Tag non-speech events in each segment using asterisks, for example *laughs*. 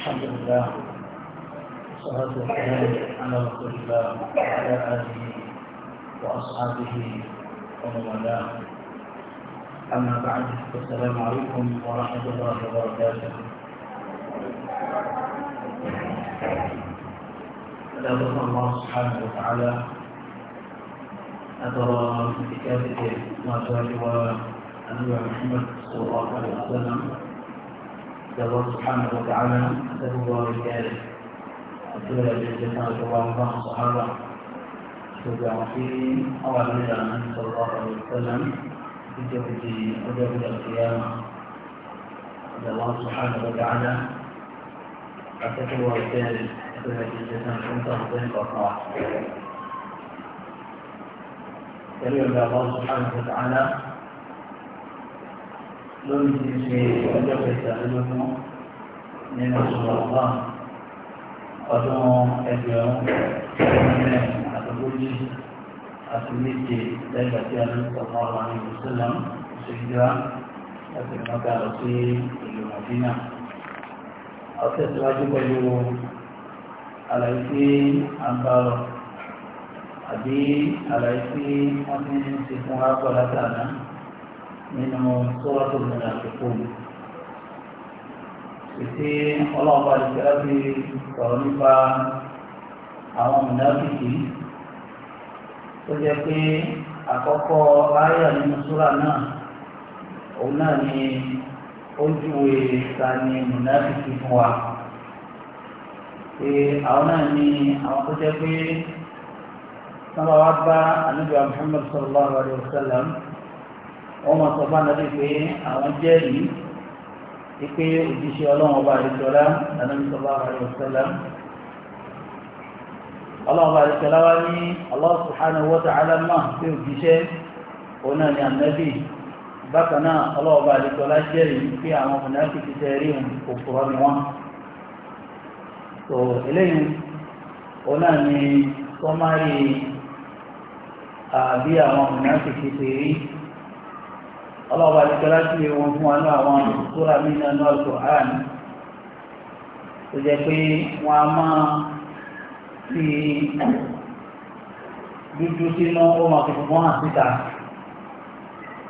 الحمد لله والصلاة والسلام على رسول الله وعلى آله وأصحابه ومن والاه أما بعد السلام عليكم ورحمة الله وبركاته بد الله سبحانه وتعالى أترى في كتابه ما جاء محمد صلى الله عليه وسلم الله سبحانه وتعالى له ورجاله أتولى بالجسال الله الله الصحابة شجع في أول مدى النبي صلى الله عليه وسلم في جهد أدب القيامة الله سبحانه وتعالى أتولى ورجاله أتولى بالجسال كنت أخذين بطاعة يريد الله سبحانه وتعالى lórí ti ṣe ọjọ́ kẹtàlélógún nínú ṣọlọ́pàá ọdún ẹgbẹ̀rún ẹgbẹ̀rún àtọ́gójì àti méje lẹ́gbàá tí a ní sọ̀rọ̀ àwọn ìmùsùlùm ṣèjúra láti mọ́ta lọ sí ìlú mọ̀dínà. ọ̀sẹ̀ síwájú pẹ̀lú àlàyé tí a ń bá rọ̀ àbí àlàyé tí wọ́n ti ń ṣe fún wa pọ̀ nínú sọ́wọ́tò nínú àsìkò ìsí ọlọ́ọ̀bá ìṣẹ́lá ti sọ̀rọ̀ nípa àwọn mùnáfíkì tó jẹ́ pé àkọ́kọ́ ayà nínú súrà náà òun náà ni ojú ìta ni mùnáfíkì fún wa pé àwọn náà ni àwọn tó jẹ́ pé sábà wá bá àníbíà Muhammad sallallahu alayhi wa sallam wọ́n máa sọ fún anabi pé àwọn jẹ́rìí ipe òjíṣẹ́ ọlọ́run ọba àdìsọ́lá anabi sọlá àdìsọ́lá ọlọ́run ọba àdìsọ́lá wa ní Allah subhanahu wa ta'ala máa pé òjíṣẹ́ òun náà ní anabi bákan náà ọlọ́run ọba àdìsọ́lá jẹ́rìí pé àwọn mùnàfi ti tẹ́ rí òun kò fúrọ́ ni wọ́n. tó eléyìí òun náà ní sọmárì àbí àwọn mùnàfi ti tẹ́ rí. ọlọ́ọ̀bá ti kẹ́lá sí ohun fún wọn àwọn sóra nínú ẹnu alukur'an tó jẹ́ pé wọ́n a máa fi dúdú sínú ohun àkùnkùn fún hàn síta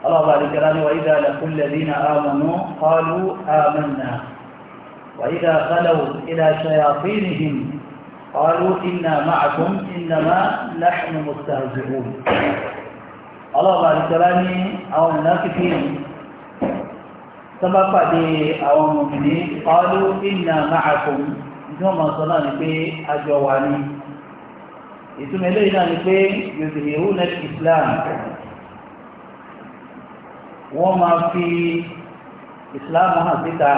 ọlọ́ọ̀bá ti kẹ́lá ní wàyídà lẹ́kúnlẹ̀ dínà àmọ̀nú kọlu àmọ̀nà wàyídà kálẹ̀wò ilà ṣayàfínihìn kọlu ìnà máàkùn ìnàmá láṣìmọ̀ mọ̀tàzùrù ọlọ́ọ̀bà àdìsọ́lá ní àwọn ìnáfífì sábà pàdé àwọn mùmìnì qalu inna ma'akum tí wọ́n máa sọ náà ni pé àjọ wà ní ìtumọ̀ eléyìí ni pé islam wọ́n máa fi islam hàn síta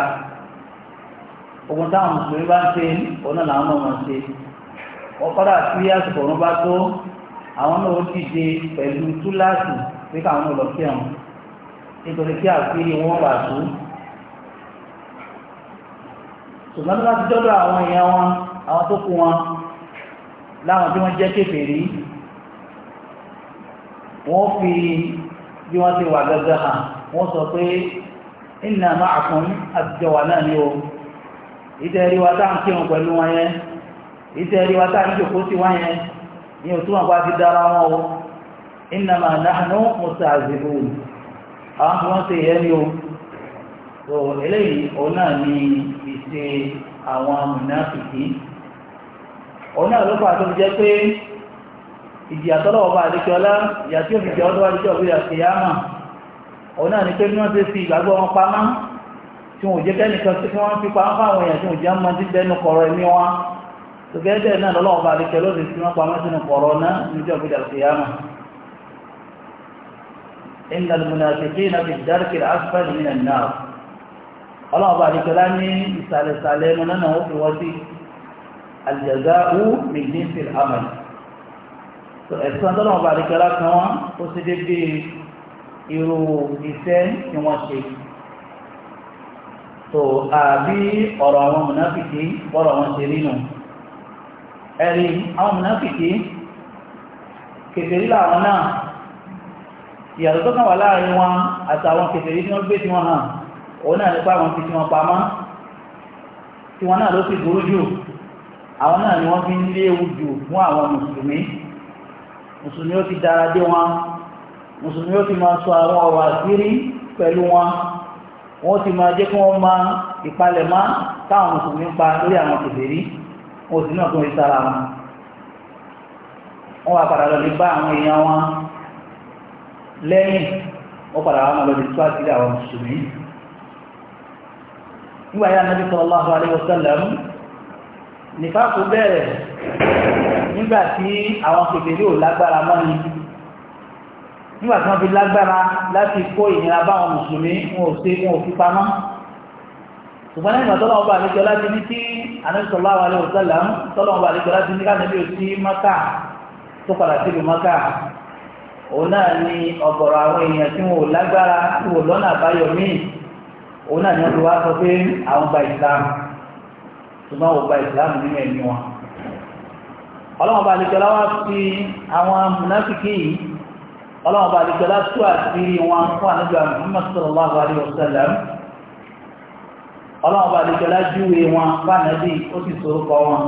ogun táwọn mùsùlùmí bá ń ṣe ọ̀nà làwọn náà máa ṣe ọ̀kọ́dà tí àsìkò ọ̀run bá tó àwọn náà ó dìde pẹ̀lú túláàsì pé káwọn náà lọ sí ẹ̀wọ̀n nítorí kí àgbéyé wọn wà tó ṣùgbọ́n tó bá ti dọ́dọ̀ àwọn èèyàn wọn àwọn tó kú wọn láwọn tí wọ́n jẹ́ kèfèrí wọ́n fi bí wọ́n ti wà gẹ́gẹ́ hàn wọ́n sọ pé inna ma'akum àtijọ́ wà náà ni o ìtẹ́ẹ̀rí wa táà ń kírun pẹ̀lú wọn yẹn ìtẹ́ẹ̀rí wa táà ń jòkó sí wọn yẹn ní òtún àpá ti dára wọn o nahnu mustahzi'un àwọn tí wọ́n ni o so eléyìí òun ni ise àwọn mùnáfìkì òun náà ló fà tó fi ìdí àtọ́lọ̀ ọba àdékọ́lá ìyà tí ó fi jẹ́ ọdún àdékọ́ òbí àti ni pé ìgbàgbọ́ wọn pamọ́ tí tí wọ́n fi fáwọn èèyàn tí tòkẹ́tẹ̀ náà lọ́wọ́ bá adékẹ́ lóde tí wọ́n pamọ́ sínú pọ̀rọ̀ náà níjọ́ gbé dàlùkìyàmà inna al-munafiqina fi ad-darki al-asfali min an-nar ọlọ́wọ́ bá adékẹ́ lá ní ìsàlẹ̀sàlẹ̀ ẹnu al-jaza'u min jinsi al-amal ẹ̀sán tọ́lọ́wọ́ bá adékẹ́ lá kan wọ́n ó sì dé bí irú iṣẹ́ tí wọ́n ṣe àbí ọ̀rọ̀ àwọn munafiki bọ́rọ̀ wọn ṣe rí nù ẹ̀rí àwọn muna kèfèrí làwọn náà ìyàtọ̀ tó kàn wà láàrin wọn àtàwọn kèfèrí tí wọ́n gbé tí wọ́n hàn òun náà nípa àwọn tí wọ́n pamọ́ tí wọ́n náà ló fi naa jù àwọn náà ni wọ́n fi ń léwu jù fún àwọn mùsùlùmí mùsùlùmí ó ti dára dé wọn mùsùlùmí ó ti máa sọ àwọn ọ̀rọ̀ àṣírí pẹ̀lú wọn wọ́n ti máa jẹ́ kí wọ́n máa ìpalẹ̀mọ́ pa lórí àwọn kèfèrí wọn ò sí náà tó ń sára wọn wọn wà padà lọ lè bá àwọn èèyàn wọn lẹ́yìn wọn padà wọn lọ lè tó àti àwọn mùsùlùmí nígbà yá nàbí sallallahu alaihi wasallam nìfàkù bẹ̀rẹ̀ nígbà tí àwọn kèfèrè ò lágbára mọ́ ni nígbà tí wọ́n fi lágbára láti kó ìnira báwọn mùsùlùmí wọn ò sí wọn ò fi pamọ́ ṣùgbọ́n nígbà tó lọ́wọ́ bá àlejò láti ní kí anẹ́sọ̀lá wa lè òtẹ́lá ń tọ́lọ̀ wà lẹ́gbẹ̀rẹ́ ní o maka tó padà síbi mọ́kà òun náà ni ọ̀gọ̀rọ̀ àwọn èèyàn tí wọn ò lágbára tí wọn àbáyọ míì òun náà ni wọ́n ti wá sọ pé àwọn gba ìsìlámù ṣùgbọ́n wọ́n gba ìsìlámù nínú ẹ̀mí wọn. ọlọ́wọ́n bá àwọn amúnáfíkì yìí ọlọ́wọ́n bá àlejò ọlọ́ọ̀bá àdìjọlá júwe wọn fánàbí ó sì sorúkọ wọn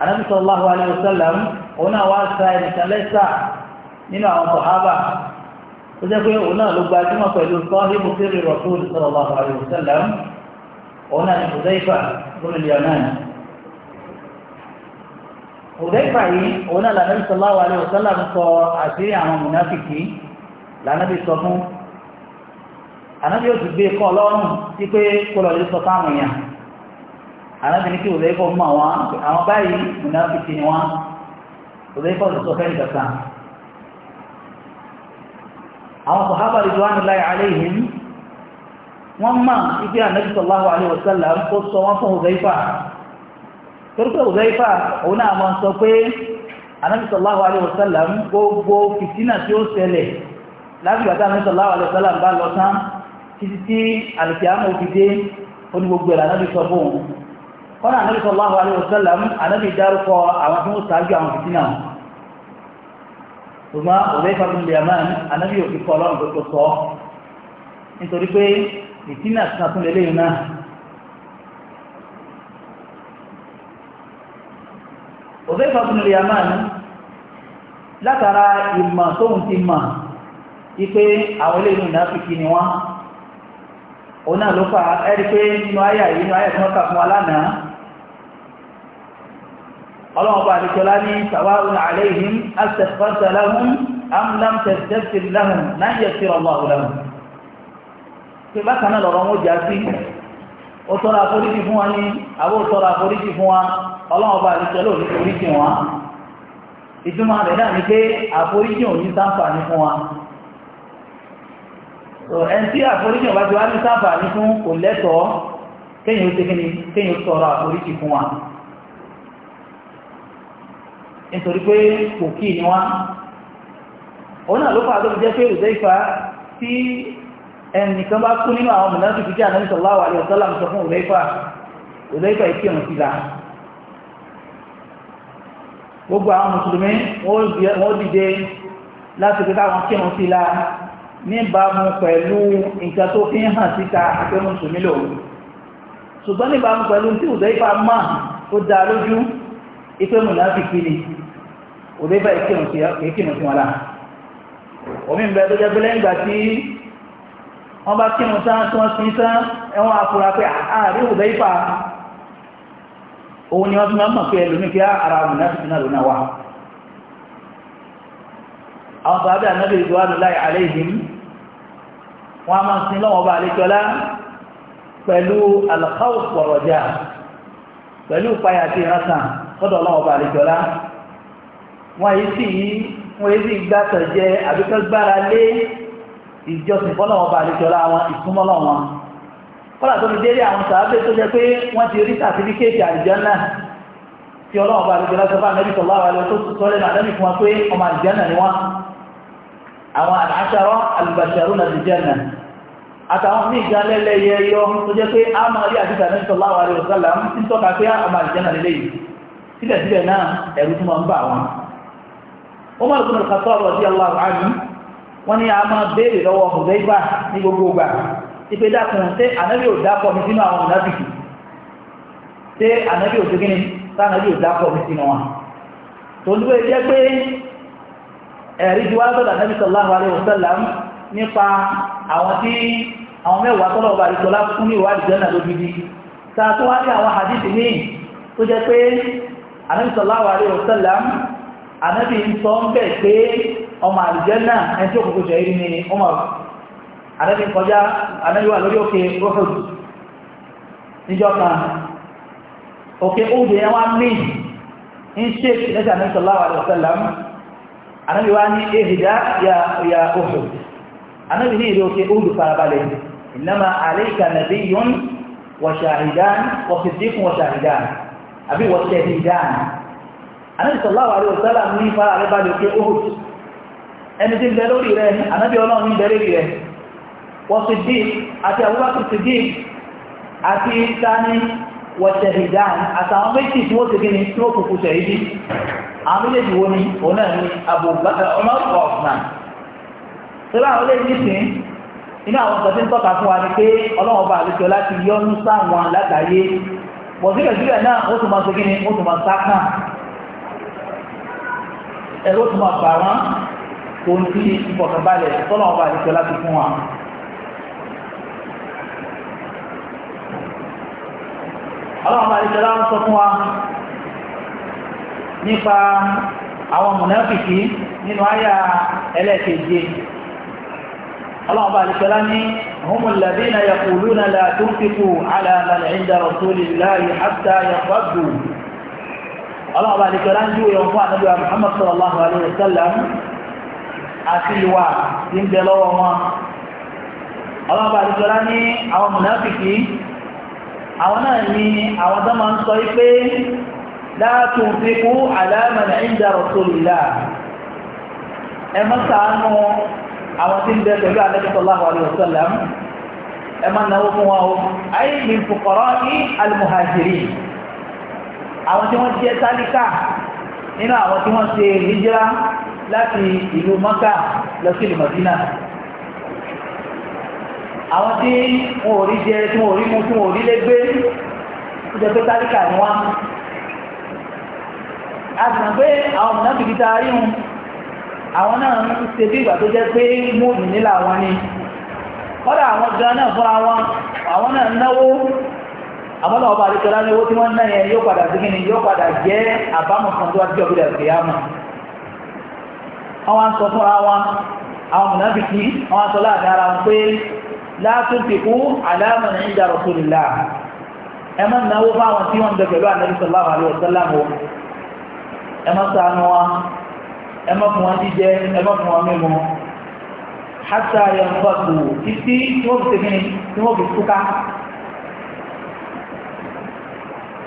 Ànábì sallallahu alaihi wasallam òun náà wá sa ẹnìkan lẹ́sà nínú àwọn sọ̀hábà tó jẹ́ pé òun náà ló gbajúmọ̀ pẹ̀lú sọ́hìbù sírì Rasul sallallahu alaihi wasallam òun náà ni Hudayfa ibn Yaman Hudayfa yìí òun náà l'Ànábì ànábì yóò ti gbé kọ́ lọ́rùn tí pé kó lọ lè sọ fáwọn èèyàn ànábì ní kí òlẹ́kọ̀ mú àwọn àwọn báyìí mùnáfíkì ni wọ́n òlẹ́kọ̀ lè sọ fẹ́ẹ̀ kàkà àwọn sàhábà ridwanullahi alayhim wọ́n mọ̀ ibi ànábì sallallahu alayhi wa sallam kó sọ wọ́n fún Hudhayfa torí pé Hudhayfa òun náà mọ̀ sọ pé ànábì gbogbo fìtínà tí ó ṣẹlẹ̀ láti gbàtà ànábì sallallahu bá lọ tán títí tí alìkìyàmọ̀ fi dé onígbogbo ẹ̀rọ anábì sọ fún un kọ́nà anábì sallallahu alaihi wasallam anábì dárúkọ àwọn tí wọ́n sáájú àwọn fìtínà ṣùgbọ́n òwe fàbí lèman anábì òfin kọ́ ọlọ́run tó tó sọ nítorí pé fìtínà tuntun lélẹ́yìn náà òwe fàbí lèman látara ìmọ̀ tóun ti mọ̀ ipe àwọn eléyìí náà fi ni wọ́n òun náà ló fà ẹ́rí pé nínú ayà yìí nínú ayà tí wọ́n kà fún alánàá ọlọ́wọ́n bá àdìjọlá ní sawa'un alayhim astaghfarta lahum am lam tastaghfir lahum lan yaghfira Allahu lahum pé bákan náà lọ́rọ̀ wọn jà sí ó tọrọ àforíjì fún wa ní àbó tọrọ àforíjì fún wa ọlọ́wọ́n bá àdìjọlá òní foríjì wọn ìtumọ̀ rẹ̀ náà ni pé àforíjì òní sáǹfà ní fún wa ẹn tí àforíjì ọba ti wá ní sábà ní fún kò lẹ́tọ̀ọ́ kéyìn ó tẹ́kíní kéyìn ó sọ̀rọ̀ àforíjì fún wa nítorí pé kò kí ni wá òun náà ló fà tó fi jẹ́ pé òjẹ́ ìfà tí ẹnìkan bá kú nínú àwọn mìíràn fìdí àná sallallahu alaihi wasallam sọ fún òjẹ́ ìfà òjẹ́ ìfà ìkí ọ̀nà síla gbogbo àwọn mùsùlùmí wọ́n dìde láti pé káwọn kí ọ̀nà síla níbàámu pẹ̀lú nǹkan tó fi ń hàn síta pé mùsùlùmí lòun ṣùgbọ́n níbàámu pẹ̀lú tí Hudayfa mọ̀ tó dá lójú ipe mùnàfíkì ni Hudayfa ìkírun sí wọn la omi ń bẹ tó jẹ́ pé lẹ́yìn ìgbà tí wọ́n bá kírun tán tí wọ́n sin tán ẹ̀wọ̀n afura pé àárí ah, ah, Hudayfa òun ni wọ́n fi máa mọ̀ pé ẹlòmíì kí ah, ara mùnàfíkì náà lónà wà àwọn bàbá ànábì ìdúwà lọ́láì àlẹ́ ìhìn wọ́n a máa sin lọ́wọ́ bá àlejọ́lá pẹ̀lú al-khawf wa raja pẹ̀lú ìpayà àti ìrántàn sọ́dọ̀ lọ́wọ́ bá àlejọ́lá wọ́n yìí sì yí wọ́n yìí sì gbàtọ̀ jẹ àbíkọ́ gbára lé ìjọsìn fọ́lọ́wọ́ bá àlejọ́lá wọn ìsúnmọ́lọ́ wọn kọ́lá tó fi délé àwọn sàábẹ́ tó jẹ́ pé wọ́n ti rí sàtífíkéètì àlùjánnà tí ọlọ́wọ́ bá àlejọ́lá sọ fún àmẹ́bí sọ̀lá wa ni wọ́n àwọn al al-basharuna bil àtàwọn ní ìgbàlẹ́lẹ́ yẹ yọ tó jẹ́ pé a máa rí àdíjà ní sọ́láwà rẹ̀ òsàlá ń tọ́ka pé ọmọ àdìjánà lélẹ́ yìí sílẹ̀sílẹ̀ náà ẹ̀rù tó máa ń bà wọn ó máa lùkún ìkàtọ́ ọ̀rọ̀ sí ọlá àmì wọ́n ní a máa béèrè lọ́wọ́ ọ̀gbẹ́gbà ní gbogbo gbà ipe dákun ṣé ànábì ò dápọ̀ mi sínú àwọn mùnáfìkì nípa àwọn tí àwọn mẹ́wàá tọ́lọ̀ ọba àdìsọ́lá fún ní ìwà àdìsọ́ náà lóbìdí ta tó wá ní àwọn hadithi ní tó jẹ́ pé Ànábì sallallahu alaihi wasallam Ànábì ń sọ ń bẹ̀ pé ọmọ àlùjánnà ẹni tí ó kòkòrò ṣẹ̀rí ni ọmọ Ànábì kọjá Ànábì wà lórí òkè Uhud níjọ́ kan òkè oúnjẹ yẹn wá mí ń ṣe lẹ́sẹ̀ Ànábì ní ehìdá ya anábì ní ìrẹ́ òkè olù farabalẹ̀ ìnáma àríkà nàbí yọ́n wọ̀ṣàhìdán wọ̀ṣìdíkùn wọ̀ṣàhìdán àbí wọ̀ṣẹ̀hìdán anábì sallallahu alaihi wasallam ní farabalẹ̀ òkè olù ẹni tí ń bẹ lórí rẹ anábì ọlọ́run ń bẹ lórí rẹ wọ̀ṣìdí àti àwúbákù ṣìdí àti tani wọ̀ṣẹ̀hìdán àtàwọn méjì tí wọ́n ti gíní tí wọ́n kùkù ṣẹ̀hìdí àwọn méjèèjì wo ni òun náà ni Abubakar Umar wa tọ́lá àwọn olóyìn nìsín inú àwọn ọ̀sán tí ń tọ́ka fún wa ni pé ọlọ́wọ́n bá àlejò láti yọ́nú sáwọn lágbàáyé bọ̀ síbẹ̀síbẹ̀ náà ó tún máa segin ni ó tún máa sáká ẹ̀rọ tún máa bà wọ́n tó ń fi ìfọ̀kànbalẹ̀ tọ́lọ́wọ́n bá àlejò láti fún wa. ọlọ́wọ́n bá àlejò láti sọ fún wa nípa àwọn mùnáfìkì nínú àyà ẹlẹ́ẹ̀kejì اللهم بارك لنا هم الذين يقولون لا تنفقوا على من عند رسول الله حتى يصدوا اللهم بارك لنا يوم نبي محمد صلى الله عليه وسلم àtiwà tí ń bẹ lọ́wọ́ wọn ọlọ́pàá ti sọ́lá ní àwọn mùnáfìkì àwọn náà ni àwọn tó máa ń sọ pé látún àwọn tí ń bẹ pẹ̀lú Ànábì sallallahu alaihi wasallam ẹ máa náwó fún wọn o ayé ní fuqara'i al-muhajirin àwọn tí wọ́n jẹ́ tálíkà nínú àwọn tí wọ́n ṣe hijira láti ìlú Mákà lọ sí ìlú àwọn tí wọn ò rí jẹ tí wọn ò rí mu tí wọn ò rí lé gbé ó jẹ pé ni wọn a sì mọ̀ pé àwọn mọ̀nàbìkítà rí wọn àwọn náà ń ṣe bí ìgbà tó jẹ́ pé mọ́ọ̀mù nílà wọn ni kọ́dà àwọn gan náà fúnra wọn àwọn náà náwó àwọn náà ọba àdìsọ́lá ní owó tí wọ́n ń ná yẹn yóò padà sí kí ni yóò padà jẹ́ àbámu kan tó wá ọ̀gbìn ẹ̀sìn yá àwọn ń sọ fúnra wọn àwọn mùnàbìkì àwọn sọ láàrin ara wọn pé látúntìkú àdámọ̀ ní ìjà rọ̀sùlùlá ẹ má náwó fáwọn tí wọ́n ń dẹ̀ pẹ̀lú àdìsọ́lá wà lóòótọ́ láwọn ẹ má ṣàánú wọn ẹmọ́ fún wọn jíjẹ ẹmọ́ fún wọn mímu hátà yẹn bọ́ tó títí tí wọ́n fi tèmi tí wọ́n fi túká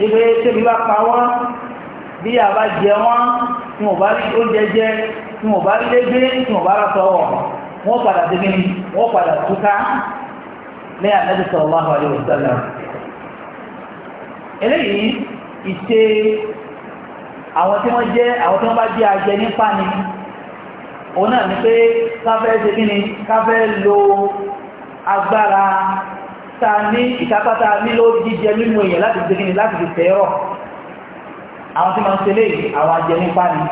ìgbé tèmi bá pa wọ́n bí àbá jẹ wọ́n tí wọ́n bá rí oúnjẹ jẹ tí wọ́n bá rí légbé tí wọ́n bá rà sọ́wọ́ wọ́n padà tèmi wọ́n padà túká ní ànábì sallallahu alaihi wasallam eléyìí ìṣe àwọn tí wọ́n jẹ́ àwọn tí wọ́n bá jẹ́ ajẹ ní fani òun náà ni pé káfẹ́ ṣe kí ni káfẹ́ lo agbára ta ní ìkápátá ní ló jíjẹ nínú èèyàn láti ṣe kí ni láti fi tẹ́rọ àwọn tí ma ń ṣe lè àwọn ajẹ ní fani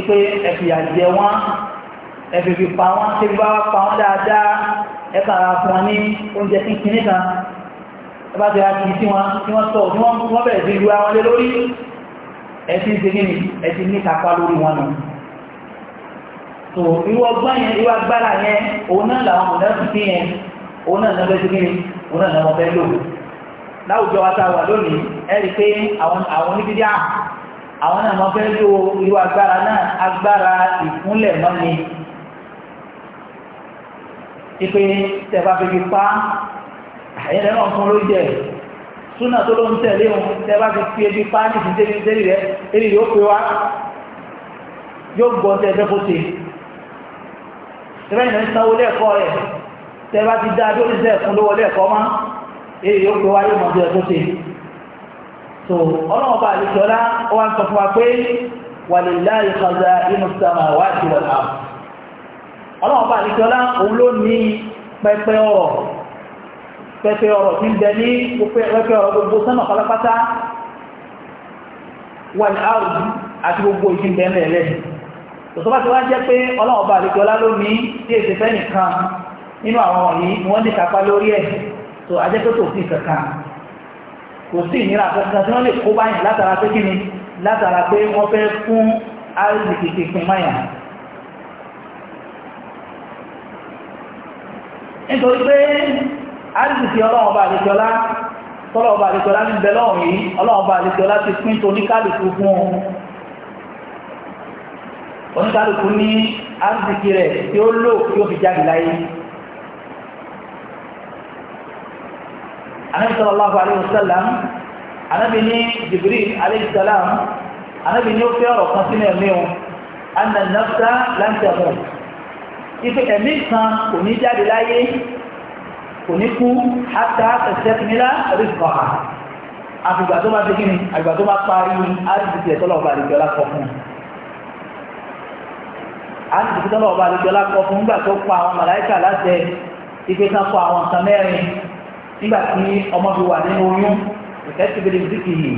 ipe ẹ̀fì àjẹ wọn ẹ̀fì fi pa wọn tí bá pa wọn dáadáa ẹ̀ka ẹbá ti rákì tí wọ́n tí wọ́n tọ́ tí wọ́n bẹ̀rẹ̀ sí ìlú àwọn lé lórí ẹ̀tí ń segí ni ẹ̀tí ní kápá lórí wọn nù so irú ọgbọ́n yẹn irú agbára yẹn òun náà làwọn ọ̀nà ti fi yẹn òun náà lọ́bẹ̀ segí ni òun náà lọ́wọ́ fẹ́ lò láwùjọ wa ta wà lónìí ẹ rí pé àwọn oníbídíà àwọn náà wọ́n fẹ́ lò irú agbára náà agbára ìkúnlẹ̀ mọ́ni ipe tẹ̀fà fi fi pa ẹ̀yìn lẹ́nu ọ̀fun ló jẹ́ súnà tó ló ń tẹ̀lé wọn tẹ́ bá ti fi ebi páánì sí débi débi rẹ èyí yóò pé wá yóò gbọ́ tẹ́ ẹgbẹ́ kó ṣe tẹ́lẹ̀ ní sanwó lẹ́ẹ̀kọ́ rẹ̀ tẹ́ bá ti dá lórí iṣẹ́ ẹ̀kún lówó lẹ́ẹ̀kọ́ má èyí yóò pé wá yóò mọ̀ tẹ́ kó ṣe so ọlọ́run bá àlejò ọlá ó wá ń sọ fún wa pé walillahi khaza'inu samawati wal ard ọlọ́run bá àlejò ọlá òun ló ní pẹpẹ ọ̀rọ̀ pẹ̀pẹ̀ ọ̀rọ̀ tí ń bẹ ní pẹ̀pẹ̀ ọ̀rọ̀ gbogbo sánà pátápátá wà ní àrùn àti gbogbo ìsìn bẹ́ẹ̀ mẹ́lẹ̀ tòtọ́bá ti wá jẹ́ pé ọlọ́ọ̀bá àlejò ọlá lónìí tí èsì fẹ́ nìkan nínú àwọn wọ̀nyí ni wọ́n ní kápá lórí ẹ̀ tó ajẹ́ pé kò sí kankan kò sí ìnira kankan tí wọ́n lè kó báyìí látara pé kíni nítorí pé àdìsí ọlọ́run bá àdìsọ́lá tọ́lọ́run bá àdìsọ́lá ní bẹ lọ́run yìí ọlọ́run bá àdìsọ́lá ti pín tó oníkálùkù fún un oníkálùkù ní àdìsí rẹ̀ tí ó lò tí ó fi jáde láyé anabi sallallahu alayhi wa sallam anabi ní jibril alayhi salam anabi ife ẹ̀mí kan kò ní jáde láyé kò ní kú àtà tẹ̀sẹ̀tìmílá rífọ̀ ha àfìgbà tó bá dé kí ni àgbà tó bá parí àdìsí ẹ̀tọ́lọ̀ ọba àdìsí ọlá kọ fún àdìsí ẹ̀tọ́lọ̀ ọba àdìsí ọlá kọ fún nígbà tó pa àwọn màláìkà láti ike kan kọ àwọn nǹkan mẹ́rin nígbà tí ọmọ fi wà nínú oyún ìfẹ́ ti bèrè sí kìí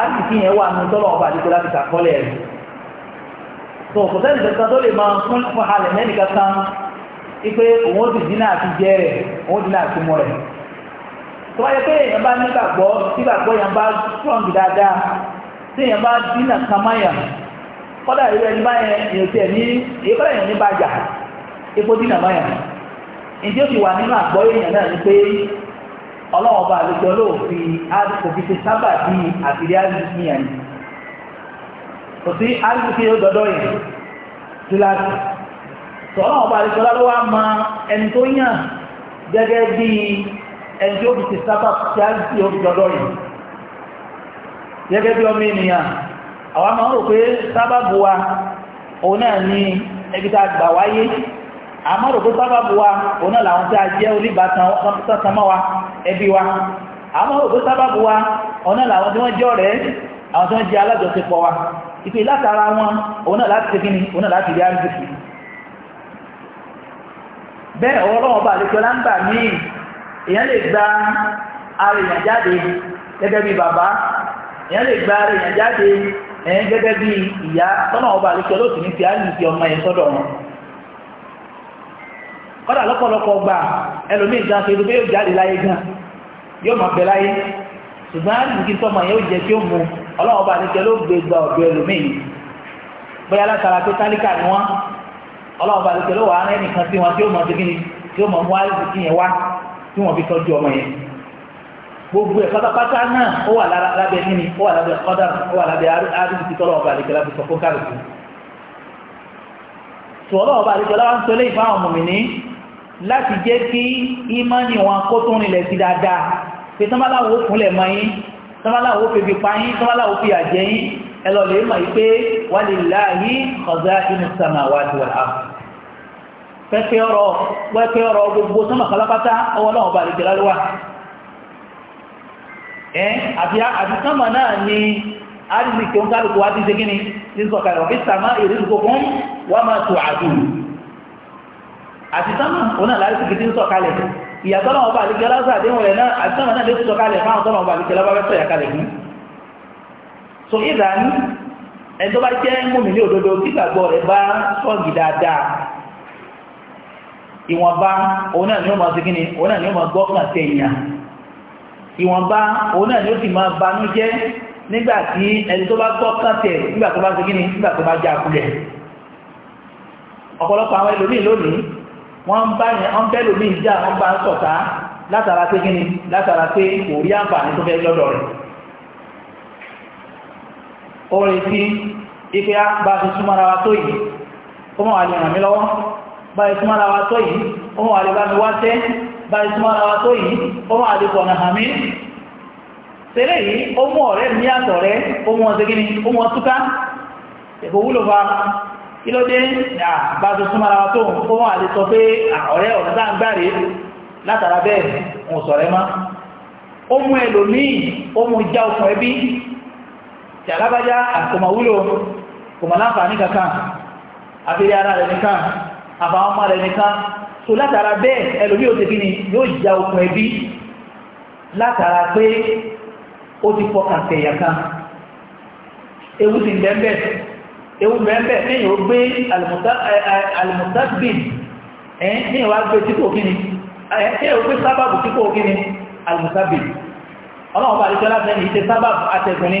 àdìsí yẹn wà nínú tọ́lọ̀ ọba àdìsí ọlá ti sàkọ́lẹ̀ rẹ̀ tó kò sẹ́ni ipe òun ti dín náà fi jẹ rẹ̀ òun dín náà fi mọ rẹ̀ tó bá yẹ pé èèyàn bá nígbàgbọ́ nígbàgbọ́ èèyàn bá strong dáadáa tí èèyàn bá dín náà kan máyà kọ́dà ìlú ẹni báyẹn èèyàn tiẹ̀ ní èyí kọ́dà èèyàn ní bàjà epo dín náà máyà ìdí ó ti wà nínú àgbọ́ èèyàn náà ni pé ọlọ́wọ́ bá àlejò olóòfin òfin ti sábà bí àfìrí àríwísí yẹn kò sí àríwísí yóò dọ́dọ́ yẹn tó láti sọ̀rọ̀ ọba àríṣọ́lá ló wá ma ẹni tó yàn gẹ́gẹ́ bí ẹni tí ó fi ti sábà tí a ti ó fi dọ́dọ́ yìí gẹ́gẹ́ bí ọmọ ènìyàn àwọn máa ń rò pé sábàbù wa òun náà ni ẹbí tá a gbà wáyé àmọ́ rò pé sábàbù wa òun náà làwọn tí a jẹ́ oníbàtàn sánmọ́ wa ẹbí wa àmọ́ rò pé sábàbù wa òun náà làwọn tí wọ́n jẹ́ ọ̀rẹ́ àwọn tí wọ́n jẹ́ alájọṣepọ̀ wa ìpè látara wọn òun náà láti ṣe kíni òun náà láti rí àrídìsí bẹ́ẹ̀ ọlọ́wọ́ bá àlejò láńgbà míì èèyàn lè gba ara jáde gẹ́gẹ́ bí bàbá èèyàn lè gba ara jáde gẹ́gẹ́ bí ìyá tọ́nà ọba àlejò lóòtù ní ti ọmọ yẹn sọ́dọ̀ wọn. kọ́dà lọ́pọ̀lọpọ̀ gbà ẹlòmíì gan ṣe láyé gan yóò mọ̀ láyé ṣùgbọ́n tọ́mọ yẹn ó ó ọlọ́wọ́ ló gbé gba ọ̀dọ̀ ẹlòmíì bóyá látara pé ọlọ́run bá lókè lọ́wọ́ ara ẹnìkan sí wọn tí ó mọ sí kíni tí ó mọ mú àìsí sí yẹn wá tí wọ́n fi tọ́jú ọmọ yẹn gbogbo ẹ̀ pátápátá náà ó wà lábẹ́ kíni ó wà lábẹ́ ọ̀dà ó wà lábẹ́ àdúgbò tí tọ́lọ́run bá lókè lábẹ́ sọ fún kárìkì sọ̀rọ̀ ọba àdìjọlá wá ń sọ léyìn fáwọn mùmìnì láti jẹ́ kí ìmánì wọn kó tó nílẹ̀ sí dáadáa pé tọ́mọ́láwò fúnlẹ̀ mọ́ yín tọ́mọ́láwò febi pa yín tọ́mọ́láwò fi àjẹ́ yín ẹlọ lè mọ̀ yìí pé wà lè láàyè ọ̀dà inú sàmà wà ti wà láàbù pẹ́pẹ́ ọ̀rọ̀ pẹ́pẹ́ ọ̀rọ̀ gbogbo sọ́mà kálápátá ọwọ́ náà ọba àlejò lálẹ́wà ẹ́ àti sọ́mà náà ni àdìsí kí ó ń kálukú wá ti ṣe kíni ní sọ̀kalẹ̀ wọ́n fi sàmà ìrírí gbogbo wọ́n máa tó àdúrà àti sọ́mà òun náà láti ti ń ìyàtọ̀ náà ọba àlejò lásà àdéhùn rẹ̀ náà àti sọ́mà náà lè sọ̀kalẹ̀ fáwọn tọ́nà ọba àlejò lábábẹ́ sọ̀yàkalẹ̀ fún so ìlànà ẹni tó bá jẹ́ mọ́mí ní òdodo kígbàgbọ́ rẹ̀ bá sọ́ọ̀gì dáadáa ìwọ̀nba òun náà ni ó máa sikini òun náà ni ó máa gbọ́ fún ìwọ̀nba òun náà ni ó sì máa banú jẹ́ nígbà tí ẹni tó bá gbọ́ kàtẹ̀ nígbà tó bá sikini nígbà tó bá já kulẹ̀ ọ̀pọ̀lọpọ̀ àwọn ẹlòmíì lónìí wọ́n bá yẹn wọ́n bẹ́ lòmíì já wọ́n bá sọ̀tá látara orin sí ipé á bá ti súnmọ́ra wa tó yìí ó mọ̀ àlè ràn mí lọ́wọ́ bá ti súnmọ́ra wa tó yìí ó mọ̀ àlè bá mi wá tẹ́ bá ti súnmọ́ra wa tó yìí ó mọ̀ àlè pọ̀nà hàn mí tẹ́lẹ̀ yìí ó mú ọ̀rẹ́ ní àtọ̀ rẹ̀ ó mú ọ̀sẹ̀ ó mú já okùn ẹbí tí alábájá àkọmọ̀wúlò kòmọ̀láǹfààní kankan abẹ́rẹ́ ara rẹ̀ nìkan àbáwọn ọmọ rẹ̀ nìkan so látara bẹ́ẹ̀ ẹlòmí ò ti fi ni yóò ja okùn ẹbí látara pé ó ti fọkàn tẹ̀yà kan ewu ti bẹ́ẹ̀ ewu bẹ́ẹ̀ níyàn ó gbé alimusasbin ẹ̀ níyàn wá gbé títò kíni ẹ̀ níyàn ó gbé sábàbù títò kíni alimusasbin ọlọ́run bá àdìsọ́lá fẹ́ ní ìṣe sábàbù atẹ̀gùn ni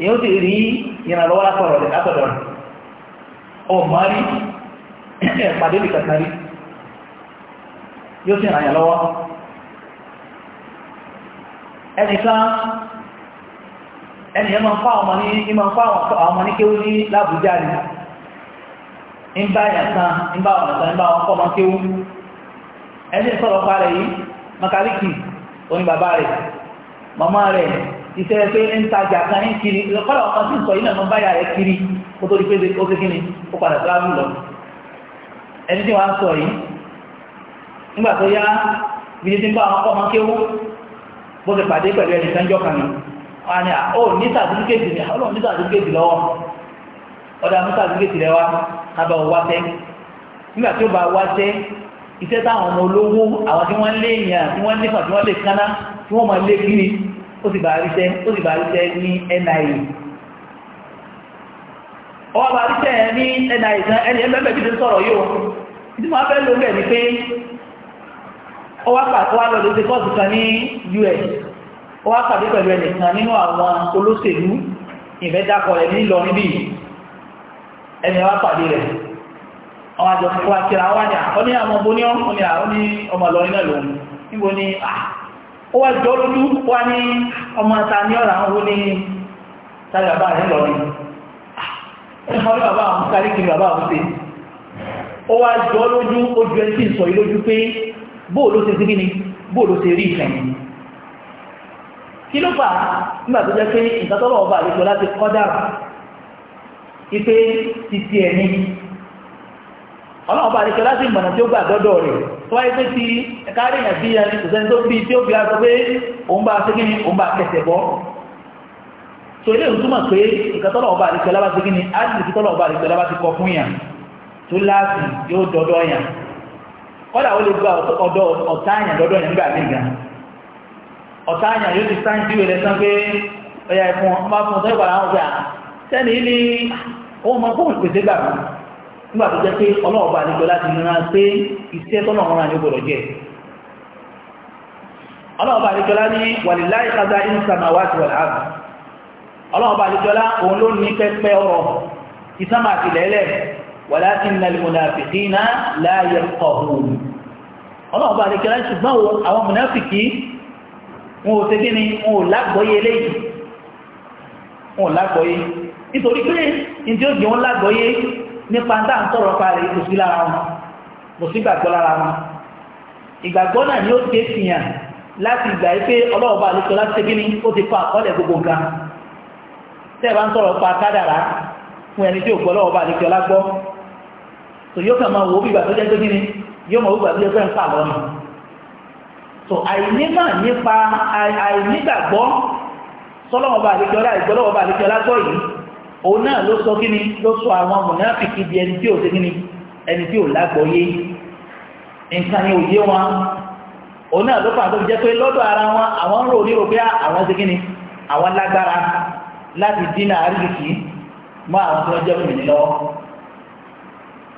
èyí ó sì rí ìrànlọ́wọ́ látọ̀rọ̀ rẹ̀ látọ̀dọ̀ rẹ̀ ọmọ rí ẹ̀pàdé lè kàkà yóò sì ràn yà lọ́wọ́ ẹnìkan ẹnìyàn máa ń ń fá ọmọ ní kéwú ní lábújá ni ń bá yà ń bá ọ̀nà kan ń bá makaliki rẹ̀ rẹ̀ iṣẹ́ pé ń tajà kan ní kiri lọ́kọ́lọ́ ọkàn sí ìsọ̀ iná mọ́ báyà rẹ̀ kiri kó tó di pé ó fi kíni ó padà tó áwù lọ ẹni tí wọ́n sọ yìí nígbà tó yá ibi tí ń bá àwọn ọmọ kéwú bó ti pàdé pẹ̀lú ẹni sẹ́ńjọ́ kan ni wọ́n á ní à ó ní sàdúkèjì ni ọlọ́run ní sàdúkèjì lọ́wọ́ ọ̀dà mú sàdúkèjì rẹ wá kábà ó wá tẹ́ nígbà tí ó bá wá tẹ́ iṣẹ́ táwọn ọmọ olówó àwọn tí wọ́n lé èèyàn tí wọ́n lé fà tí wọ́n lè kánná tí wọ́n máa lé kiri ó sì bá ríṣẹ́ ó sì bá ríṣẹ́ ní nia ọwọ́ bá ríṣẹ́ ní nia tán ẹni ẹgbẹ́gbẹ́ ti sọ̀rọ̀ yóò tí wọ́n fẹ́ ló bẹ̀ ni pé ọwọ́ pàtàkì lọ́dún ti kọ́ọ̀sì kan ní us ọwọ́ pàdé pẹ̀lú ẹnìkan nínú àwọn olóṣèlú ìfẹ́dàkọ̀ rẹ̀ nílọ níbí ẹni wá pàdé rẹ̀ àwọn àjọ fún akíra wá ní àwọn ọmọ bóníọ́ ní àwọn ọmọ lọ nílẹ̀ lòun níbo ni ah ó wá jọ lójú wá ní ọmọ ta ní ọ̀rà ń ní sáré bàbá rẹ̀ bàbá àwọn sáré kiri bàbá àwọn ṣe ó wá jọ lójú ojú pé ṣe ni ṣe rí ìfẹ̀yìn kí ló fà nígbà tó jẹ́ pé ìtàtọ́lọ̀ ọba àlejò láti ẹni àlejò tọ́wọ́ ẹgbẹ́ ti ẹ̀kárí ìyàn bí ẹni kò sẹ́ni tó bí tí ó fi aṣọ pé òun bá ṣe kíni òun bá kẹsẹ̀ bọ́ so ilé ìlú túmọ̀ pé nǹkan tọ́lọ̀ ọba àdìsẹ́ lábá ṣe kíni ájìlìkì tọ́lọ̀ ọba àdìsẹ́ lábá ti kọ fún yàn tó láàsì yóò dọ́dọ́ yàn kọ́dà ó lè gba ọ̀dọ́ ọ̀tá yàn dọ́dọ́ yàn nígbà mí gan ọ̀tá yàn yóò ti sáyìn sí ìwẹ̀lẹ̀ sán pé nígbà tó jẹ́ pé ọlọ́run bá nígbà láti nira pé iṣẹ́ tọ́nà ọ̀rọ̀ àyè gbọ́dọ̀ jẹ́ ọlọ́run bá nígbà ní wàlíláì kájá ìsàmáwá ti wàlá àbù ọlọ́run bá nígbà òun ló ní pẹ́pẹ́ ọ̀rọ̀ ìsàmà àti lẹ́lẹ̀ wàlá ti nà lùmùnà àfìdínà láàyè kọ̀hún ọlọ́run bá nígbà ṣùgbọ́n àwọn mùnàfìkì wọn ò tẹ́gí ni nítorí pé ní tí ó jẹ́ lágbọ́yé nípa tá à ń tọrọ pa rẹ̀ kò sí lára wọn kò sí gbàgbọ́ lára wọn ìgbàgbọ́ náà ni ó ti fìyàn láti ìgbà yìí pé ọlọ́ọ̀bá àlùkò láti ṣe kíní ó ti fa àkọọ́lẹ̀ gbogbo nǹkan tẹ́ ẹ bá ń tọrọ pa kádàrá fún ẹni tí ò gbọ́ lọ́wọ́ bá àlùkò lágbọ́ tò yóò kàn máa wò ó bí ìgbà tó jẹ́ pé kíní yóò mọ̀ wípé àbíyẹ́ fẹ́ ń fà lọ́nà so àìnímọ̀ nípa àìnígbàgbọ́ sọ́lọ́wọ́ bá àlùkò lágbọ́ yìí òun náà ló sọ kíni ló sọ àwọn di ẹni tí ò sí kíni ẹni tí ò lágbọ́yé nǹkan ni òye wọn òun náà ló ara wọn àwọn ń rò ní òbí ah, àwọn sí kíni àwọn lágbára láti dínà àríkìkì mọ́ àwọn tó jẹ́ òmìnir lọ́wọ́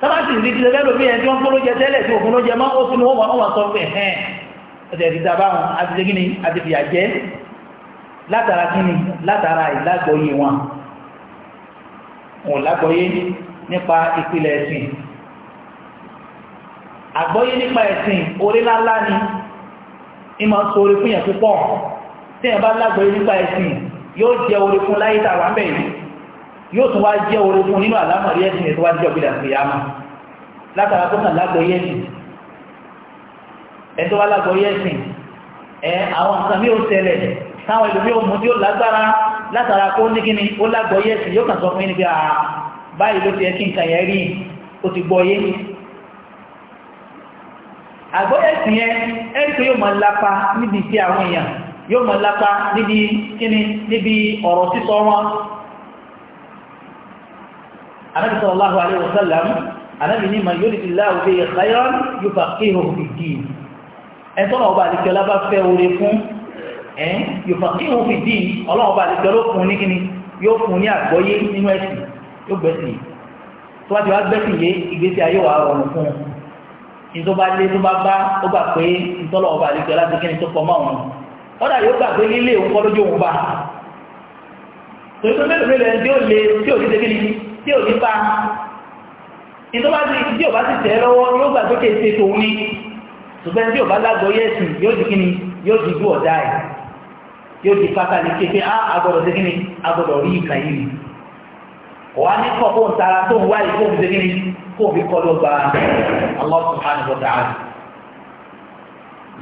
sábàtì ní ti lẹ́lẹ́ ẹni tí wọ́n fún lóúnjẹ tẹ́lẹ̀ tí òfin ó wọn wọn sọ pé ẹ̀hẹ́n ti wọn lágbọ́yé nípa ìpìlẹ̀ ẹ̀sìn àgbọ́yé nípa ẹ̀sìn orílá-ńlá ni ìmọ̀ sórí fún yẹn púpọ̀ tí ẹ̀ bá lágbọ́yé nípa ẹ̀sìn yóò jẹ́ orí fún láyé tàwa ń bẹ̀ yìí yóò tún wá jẹ́ orí fún nínú àlámọ̀rí ẹ̀sìn ètò wájú ọ̀gbìn àti ìyáma látara tó kàn lágbọ́yé ẹ̀sìn ẹ̀ tó wá lágbọ́yé táwọn ìlúmí òmù tí ó lágbára látara kó ní kíni ó lágbọ́yé sí yóò kàn sọ fún níbi àà báyìí ló ti ẹkí nǹkan yẹn rí ó ti gbọ́yé àgbọ́yé sí yẹn ẹ̀rí pé yóò máa lápa níbi tí àwọn èèyàn yóò máa lápa níbi kíni níbi ọ̀rọ̀ sísọ wọn anábì sallallahu alaihi wasallam anábì ẹ̀ yòókàn tí òun fi dì í ọlọ́run bá fún ní kíni fún ní àgbọ́yé nínú ẹ̀sìn yóò gbẹ̀sìn tó bá ti wá gbẹ̀sìn yé ìgbésí ayé wà rọrùn fún un nítorí bá lé tó bá bá ó gbà ọba láti kíni tó wọn yóò gbà pé lílé òun òun bá mélòó mélòó ẹni tí ó tí ò ní ṣe kíni tí ò ní yóò di pátá ní kéfé á ah, agbọ́dọ̀ sí kí ni agbọ́dọ̀ rí ìkà yìí wà ní kọ̀ fóun tara tó ń wáyé fóun sí kí ni kó fi kọ́ ló gba Allah subhanahu wa ta'ala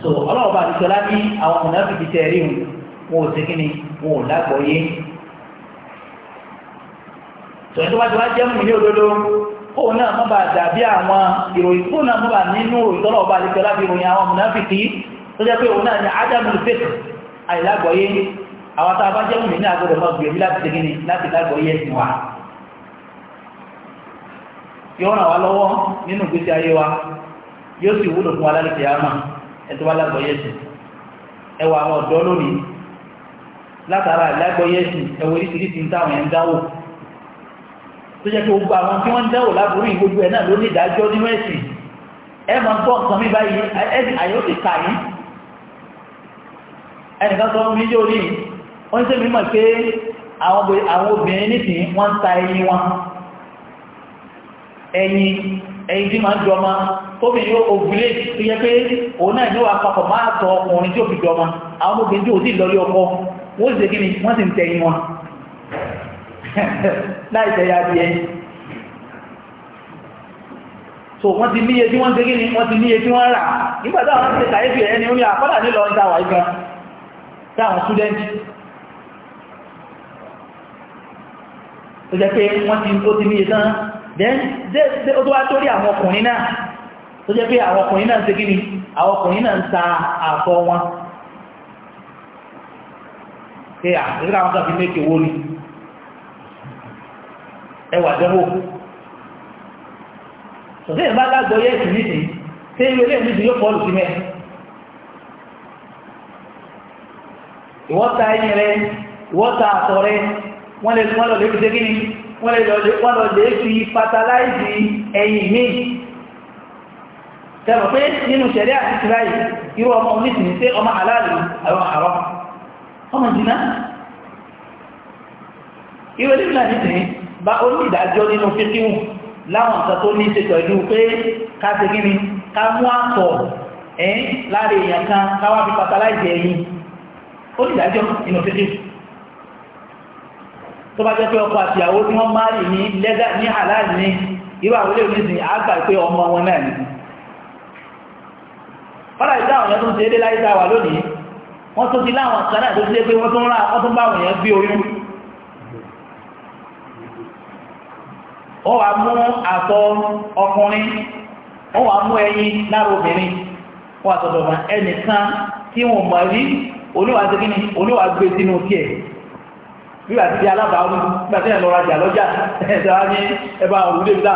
so ọlọ́wọ́ bá àdìsọ́lá ní àwọn mùnàfíkì tẹ̀ rí wọn ò sí kí ni wọn ò lágbọ́yé tòun tó bá ti wá jẹ́ mú ní òdodo kóun náà má bàa dàbí àwọn ìròyìn kóun náà má bàa nínú ìtọ́lọ́wọ́ bá àdìsọ́lá àìlágbọ̀yé àwọn a bá jẹ́ mùmínì àgbọ̀dọ̀ máa gbìyànjú láti gíní láti lágbọ̀yé wa yóò ràn wá lọ́wọ́ nínú ìgbésí ayé wa yóò sì wúlò fún wa lálẹ́ tó jẹ́ pé gbogbo àwọn tí wọ́n ẹ̀ náà ló ní ìdájọ́ ẹnìkan sọ mí yóò rí wọ́n tẹ́ mímọ̀ pé àwọn obìnrin nìsìn wọ́n ń ta ẹyin wọn ẹyin ẹyin tí ma ń jọma tóbìnrin ovulate tó yẹ pé òun náà ní wà máa tọ ọkùnrin tí fi jọma àwọn obìnrin tí ò sí ọkọ wọ́n sì kíni wọ́n sì ń tẹ ẹyin wọn *laughs* láì bí ẹ so wọ́n ti níye tí wọ́n wọ́n ti níye tí táwọn súdẹ́ntì tó jẹ́ pé wọ́n ti ó ti níye tán dẹ́ ó tó wá torí àwọn ọkùnrin náà tó jẹ́ pé àwọn ọkùnrin náà ń ṣe kíni àwọn ọkùnrin náà ń ta àtọ wọn pé à nígbà àwọn kan fi méjì owó ni ẹwà dẹ́wò sọ̀tẹ́ ìbá lágbọ́ yẹ́ ìsìn nìsìn tí ilé ìlú yóò pọ̀lù sí mẹ́rin ìwọ́n ta ẹ̀yìn rẹ ìwọ́n ta àtọ̀ rẹ wọ́n lè wọ́n lọ lè fi dégí ni wọ́n lè wọ́n lọ lè fi fatalize ẹ̀yìn mi tẹ̀rọ pé nínú ṣẹ̀rí àti tíráyì irú ọmọ onísìnyí pé ọmọ aláàlú àwọn àrọ́ ọmọ jìnnà irú ẹni náà nìsìnyí bá ó ní ìdájọ́ nínú fífíhùn láwọn nǹkan tó ní ṣe pẹ̀lú pé ká ṣe kí ni ká mú àtọ̀ ẹ̀ láàrin èèyàn kan káwá fi fatalize ẹ̀yìn ó ní ìdájọ́ inú fífi tó bá jẹ́ pé ọkọ àti ìyàwó tí wọ́n máa rì ní lẹ́dà ní halal ní irú àwọn ilé oníṣìn àgbà pé ọmọ wọn náà ni fọ́nà ìdá àwọn èèyàn tó ń ṣe é dé láyé tá a wà lónìí wọ́n tó ti láwọn kan náà tó ṣe pé wọ́n tó ń ra wọ́n tó ń bá àwọn èèyàn gbé oyún ó wàá mú àtọ ọkùnrin ó wàá mú ẹyin lára obìnrin wọ́n àtọ̀dọ̀ ẹnìkan tí wọ́n mọ̀ rí olówó àti kíni olówó e. sínú wíwà ti alábàáwí nígbà tí ẹ̀ lọ́ra jà lọ́jà *laughs* ẹ̀dá ní ẹbá òwúlé ìdá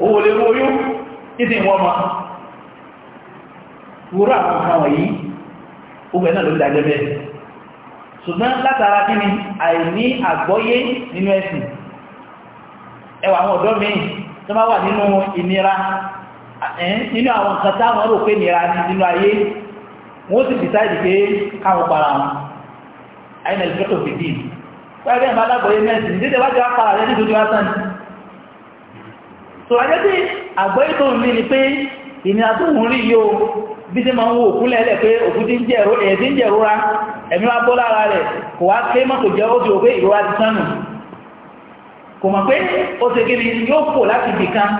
owó lè wó yó títí wọ́n ma wúrọ̀ àwọn nǹkan wọ̀nyí ogun náà ló dájẹ́ bẹ́ẹ̀ n'inu wọ́n sì dìtáìdì pé káwọn para wọn àìnà ìfẹ́tò fìdí pẹ́lú ẹ̀mà alágbọ̀yé mẹ́sìn dídé wájú apára rẹ̀ nítorí wá sàn tòwájẹ́ sí àgbọ́yé tó ń rí ni pé ìnira tó ń rí yóò bí sí máa ń wo òkúnlẹ̀ ẹ̀lẹ̀ pé òkú tí ń jẹ̀rọ ẹ̀yẹ̀ tí ń jẹ̀rora ẹ̀mí wá bọ́ lára rẹ̀ kò wá ké mọ́ kò jẹ́ ó fi òpé ìrora ti sánù kò mọ̀ pé ó ṣe kí ni yóò fò láti ibì kan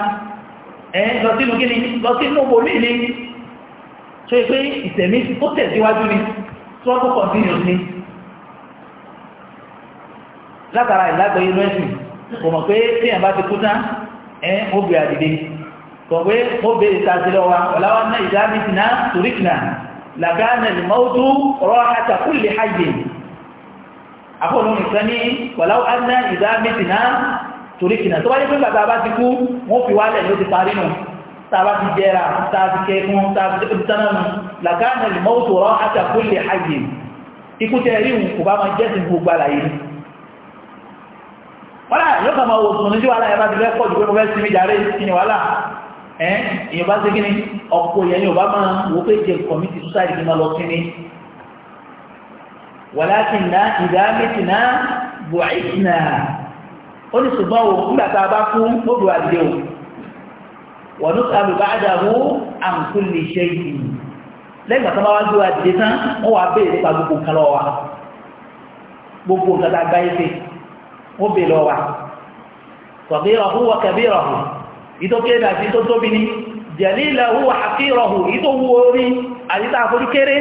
ẹ̀ lọ sínú kí ni lọ sínú bòmí ni tó yẹ pé ìtẹ̀mí ti kó tẹ̀síwájú ni struggle continues ni látara ìlágbọ̀ yìí lọ́sìn kò mọ̀ pé téèyàn bá ti kú tán ẹ̀ ó bè àdìde kò pé ó bè ìtàsí lọ́wọ́ ọ̀làwọ̀ náà ìdáàbí ti náà torí kìnnà làgánà ìmọ̀ọ́dún ọ̀rọ̀ àtàkùn lè háyè àkọlù nìkan ní pẹ̀láwọ́ adná ìdáàbí ti náà torí kìnnà tó wáyé pé bàbá bá ti kú wọ́n fi wálẹ̀ ló ti parí nù tàbá ti jẹ́ra tàbí kẹfún tàbí ìtànàmù làkánà ìmọ́tò rán àtàkùnlé ayé ikú tẹ́ ríhùn kò bá máa jẹ́sìn gbogbo àlàyé wọ́n láà yóò kàmà òsùn ní wàhálà ẹ̀bá ti fẹ́ pọ̀ jù pé mo fẹ́ sí mi jàre wàhálà wọ́n ní sàbí bá dàrú àǹkú lè ṣe yìí lẹ́yìn ìgbà tó bá wá gbé wa dìde tán wọ́n wá béèrè nípa gbogbo nǹkan lọ́wọ́ wa gbogbo nǹkan tá a gbá yé fè wọ́n béèrè lọ́wọ́ wa tọ̀bí rọ̀hù wọ kẹ̀bí rọ̀hù ìtókèrè àti tó tóbi ni jẹ̀lí ìlẹ̀hù wà àti rọ̀hù ìtò wu orí àti tá àforí kéré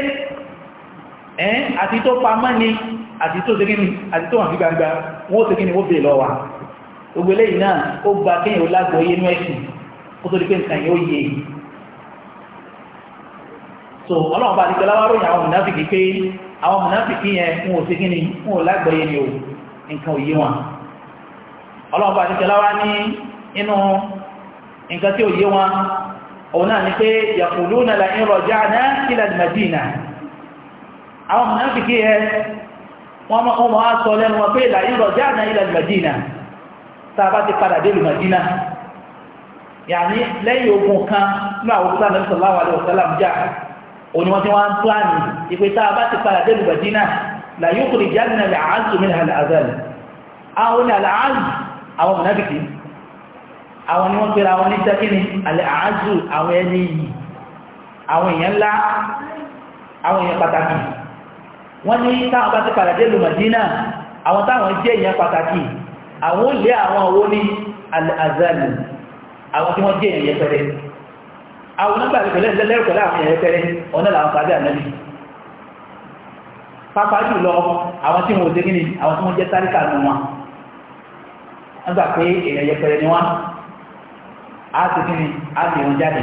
àti tó pamọ́ ni àti tó segin àti tó hàn sí wọ́n segin ni wọ́n béèrè lọ́wọ́ wa kó tó di pé nǹkan yóò yé e so ọlọ́run bá dìgbà láwárò yẹn àwọn mùnáfìkì pé àwọn mùnáfìkì yẹn ń wò sí kí ni ń wò lágbọ̀ọ́yé ni o nǹkan ò yé wọn ọlọ́run bá dìgbà láwá ní inú nǹkan tí ò yé wọn òun náà ni pé yaquluna la in raja'na ila al-madina àwọn mùnáfìkì yẹn wọ́n máa ń sọ lẹ́nu wọn pé la in raja'na ila al-madina tá a bá ti padà dé lùmọ̀dínà yàní lẹ́yìn ogun kan ní àwọn òkúta lẹ́yìn sọ̀lá wà lẹ́wọ̀ sálàm jà òní wọn ti wá ń pláàni ìpè tá a bá ti padà dé lùbàdínà là yóò kúrò jáde náà làázù mi nà làázàlì àwọn ní àlàázù àwọn mùnàbìkì àwọn ni wọ́n pera wọn ní sẹ́kínì àlàázù àwọn ẹni yìí àwọn èèyàn ńlá àwọn èèyàn pàtàkì wọ́n ní táwọn bá ti padà dé lùbàdínà àwọn táwọn jẹ́ èèyàn pàtàkì àwọn ò lé àwọn owó ní àlàázàlì àwọn tí wọ́n jẹ́ ènìyàn pẹ̀rẹ̀ àwọn nígbà pẹ̀lẹ́ lẹ́rù pẹ̀lú àwọn ènìyàn pẹ̀rẹ̀ ọ̀nà làwọn pàdé ànábì pápá jùlọ àwọn tí wọ́n dégínì àwọn tí wọ́n jẹ́ táríkà nù wọn nígbà pé ènìyàn pẹ̀rẹ̀ ni wọ́n á ti kí ni á ti wọn jáde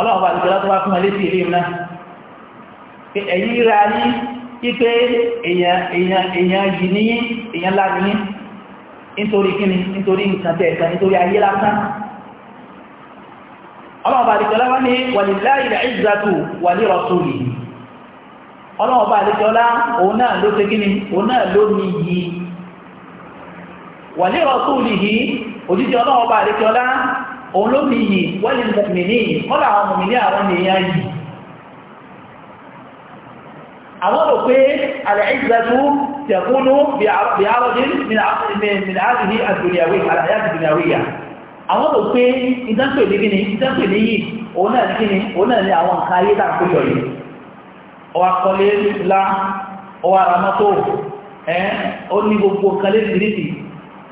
ọlọ́run bá ti tọ́lá tó wá fún ẹ létí ilé náà ẹ̀yìn ra ní pípé èèyàn yìí ní èèyàn lá ní nítorí kíni nítorí nǹkan tẹ̀ẹ̀kan nítorí ayé lásán ọlọ́ọ̀bá àdìkọ́lá wọ́n ní walillahi al-izzatu wa li ọlọ́ọ̀bá àdìkọ́lá òun náà ló ṣe kíni òun náà ló ní yìí wa li rasulihi òjíṣẹ́ ọlọ́ọ̀bá àdìkọ́lá òun ló ní yìí wa تكون بعرض من من هذه الدنيوية الحياة الدنيوية àwọn tó pé ìdánpè ní gíní ìdánpè ní yìí òun ni ní gíní òun náà ní àwọn nǹkan ayé tàà kójọ yìí ọwà kọlé ńlá ọwà ramọ́tò ẹ́ ó ní gbogbo kalé ìrìtì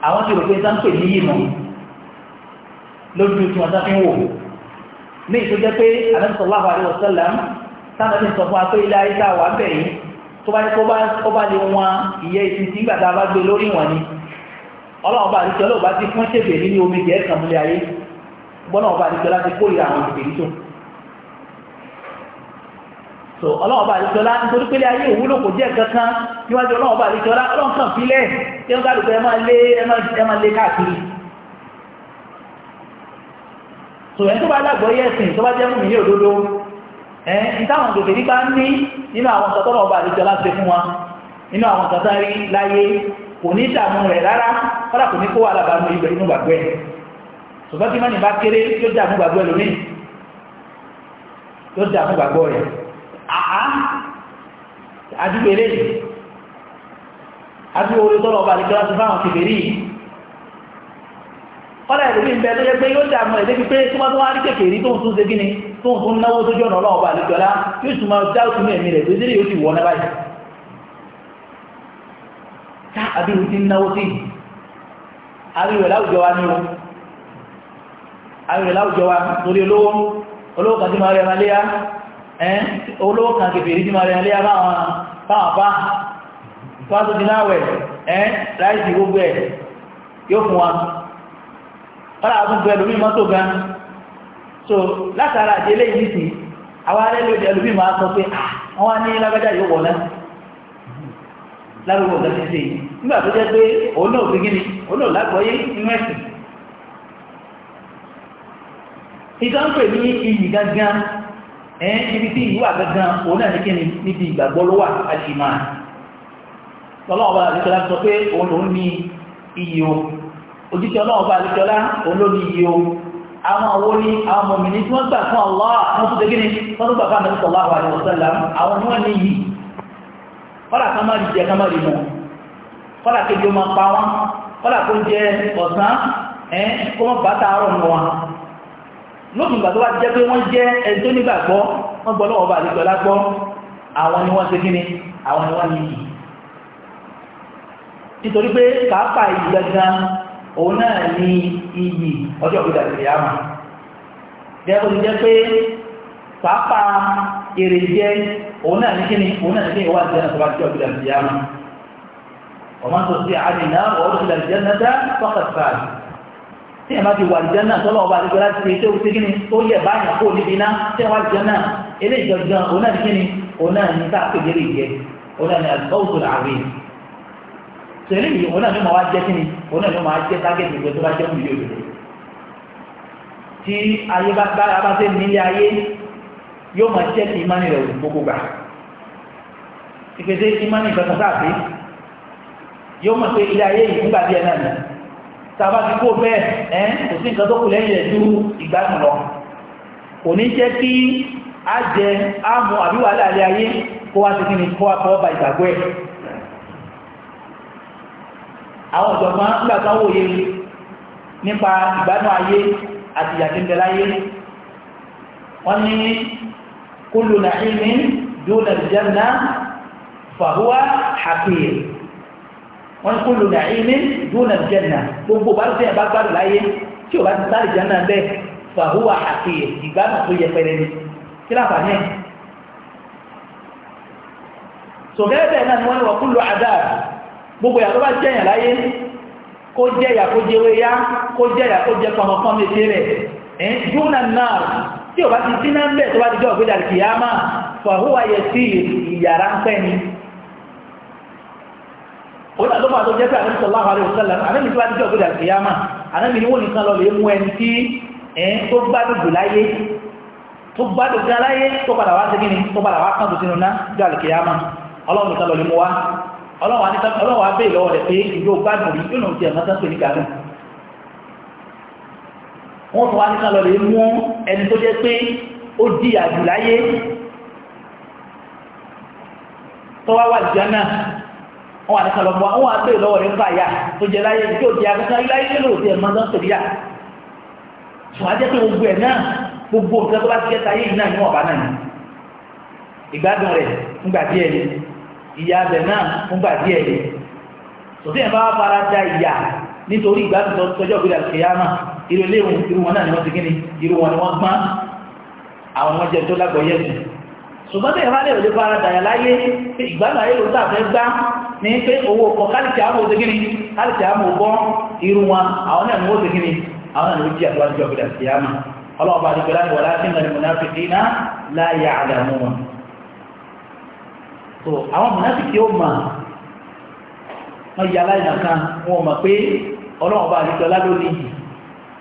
àwọn tí ó pé ìdánpè ní yìí mọ̀ lójú tí wọ́n sáfí wò ní ìtọ́jẹ́ pé alẹ́sọ̀lá tó bá ní kó bá lè wọn ìyẹ́ ìsìn tí gbàtà bá gbé lórí wọn ni ọlọ́run bá àdìsẹ́ ọlọ́run bá ti fún ṣègbè nínú omi jẹ́ ẹ̀sán múlẹ̀ ayé gbọ́nà ọba àdìsẹ́ láti kórìíra àwọn ìgbèrí tó so ọlọ́run bá àdìsẹ́ ọlá nítorí pé ayé òwúlò kò jẹ́ kankan níwájú ọlọ́run bá àdìsẹ́ ọlá ọlọ́run kàn fílẹ̀ tí wọ́n kálukú ẹ máa lé ẹ máa lé káàkiri so ẹni tó bá lágbọ́ yẹ̀sìn tó bá jẹ́ mú mi ní òdodo ìtàwọn òdòdó nípa ní nínú àwọn tọ́tọ́lọ̀ ọba àdìjọ láti fún wa nínú àwọn tọ́tọ́ rí láyé kò ní ìdààmú rẹ̀ rárá kọ́lá kò ní kó wà lábàánú ibẹ̀ inú gbàgbẹ́ ṣùgbọ́n tí mọ́ni bá kéré yóò dààmú gbàgbọ́ tó ń fún náwó tó jọ̀nà ọlọ́ọ̀bà àlejòlá yóò tún máa dá òtún ẹ̀mí rẹ̀ gbèsè yóò ti wọ̀ náà báyìí ká àbíru ti náwó sí wa ní o àríwẹ̀ láwùjọ wa torí olówó olówó kan ti máa rẹ̀ máa léyà olówó kan ti máa rẹ̀ léyà báwọn ti so látara àdélé yìí sí àwọn arẹ́lẹ̀ òdì máa sọ pé ah, wọ́n wá ní lágbájá yóò wọ̀ náà lárúgbó ọ̀gá ti nígbà tó jẹ́ pé òun náà fi gíní òun náà lágbọ́yé inú ẹ̀sìn ibi tí ìlú gangan òun náà ní kíni níbi ìgbàgbọ́ ló wà àti ìmọ̀ tọ́lọ́wọ́ bá sọ pé òun o òjíṣẹ́ ọlọ́wọ́ bá òun ló ní iyì o àwọn àwọn ní àwọn mọ̀mìnì tí wọ́n gbà fún tó ní ni wọ́n ní yìí kan máa jẹ mọ́ kọ́lá kejì ó pa wọ́n kọ́lá kó jẹ ọ̀sán ẹ̀ kó wọ́n bá tààrọ̀ mọ́ wọn lóògùn ìgbà tó bá jẹ́ pé wọ́n jẹ́ ẹni nígbàgbọ́ wọ́n gbọ́ lọ́wọ́ bá àlejò ni òun náà ní iyì ọjọ́ ìgbìdà ìrìn àmà jẹ́kùn jẹ́ pé pàápàá èrè jẹ́ òun náà ní kíni òun náà ní kíni wà jẹ́ nàtọ́wà jẹ́ ìgbìdà ìrìn àmà ọmọ tó sí àmìnà ọ̀rọ̀ ìgbìdà ìjẹ́ nàtà pọ́kàtàl tí ẹ̀ má ti wà jẹ́ náà tọ́lọ́ ọba àdìgbò láti ṣe tó ṣe kíni tó yẹ báyà kó níbi tẹ̀lé yìí òun náà ló máa wá jẹ́ kí ni òun náà ló máa jẹ́ tágẹ́tì ìgbẹ́ tó bá jẹ́ òun yóò lò tí ayé bá bá bá fẹ́ nílé ayé yóò máa jẹ́ kí ìmánì rẹ̀ òun gbogbo gbà ìpèsè ìmánì ìgbàkan sáàbí yóò mọ̀ pé ilé ayé yìí nígbà díẹ̀ náà ni tàbá ti kó bẹ́ẹ̀ ẹ́ kò sí nǹkan tó kù lẹ́yìn rẹ̀ ju ìgbádùn lọ kò ní jẹ́ kí á jẹ á àbí wàhálà ilé ayé kó wá sí kí ni kó wá kọ́ ba àwọn ìjọ̀gbọ́n nígbà tó wòye nípa ìgbádùn ayé àti ìyàtìndẹ̀ láyé wọ́n ní kúlù nàìmí dúnà ìjẹ́nà fàhúwá hàpìr wọ́n ní kúlù nàìmí dúnà ìjẹ́nà gbogbo bá tẹ́yà bá gbádùn láyé tí ò bá ti sáré ìjẹ́nà bẹ́ẹ̀ fàhúwá hàpìr ìgbádùn tó yẹ pẹrẹ ni kí láǹfààní ẹ̀ sọ̀gẹ́gẹ́ bẹ́ẹ̀ náà ni wọ́n ní wọ́n kúlù àdáàbù gbogbo ìyàtọ̀ bá jẹ́yàn láyé kó jẹ́ ìyà kó jẹ́ ewé yá kó jẹ́ ìyà kó jẹ́ kọmọkọ́ méje rẹ̀ ẹ̀yìn júnà náà tí ò bá ti sínà ń bẹ̀ tó bá ti jọ ògbédà kì á máa fàhúwà yẹ sí ìyàrá ń pẹ́ ni òun àlọ́ máa tó jẹ́ pé àrẹ́mì sallallahu alaihi wasallam àrẹ́mì tó bá ti jọ ògbédà kì ọlọ́wọ́ àti sábà ọlọ́wọ́ abẹ́ ìlọ́wọ́ rẹ̀ pé ìlú gbádùn yìí yóò ti ẹ̀mọ́tán pè ní gàdùn wọ́n tún wá ní sálọ lè mú ẹni tó jẹ́ pé ó di àjù láyé tọ́wá wà jánà wọ́n wà ní sálọ mọ́ wọ́n abẹ́ ìlọ́wọ́ rẹ̀ fàyà tó jẹ́ láyé tí ó di àgbẹ̀sán láyé yóò ti ẹ̀mọ́tán pè ní yà ṣùgbọ́n jẹ́ pé gbogbo ẹ̀ náà gbogbo nǹkan tó bá ti jẹ́ ìyá abẹ náà fúngbà díẹ̀ ni sòtún yẹn bá wà fara da ìyá nítorí ìgbàdùn tọjọ́ ìgbéra kìyàmà irú eléwọn irú wọn náà ni wọ́n ti kíni irú wọn ni wọ́n gbọ́n àwọn ọmọ jẹ́ tó lágbọ̀ọ́yẹ̀ sùn ṣùgbọ́n tẹ̀yẹ̀ máa lè òde fara dàyà láyé ìgbàlá ayé lóta fẹ́ gbá ní pé owó ọkọ̀ káàkiri àmọ́ òde gíní káàkiri àmọ́ ọgbọ́ irú wọn àwọn náà ni wọ́n ti gíní àwọn náà ni ó jí àtúwájú ọ̀gbẹ̀dà sí náà láyé so àwọn mùnáfíkì ó mà wọ́n yà láìnà kan wọ́n mọ̀ pé ọlọ́run bá àdìsọ lálọ́ ní yìí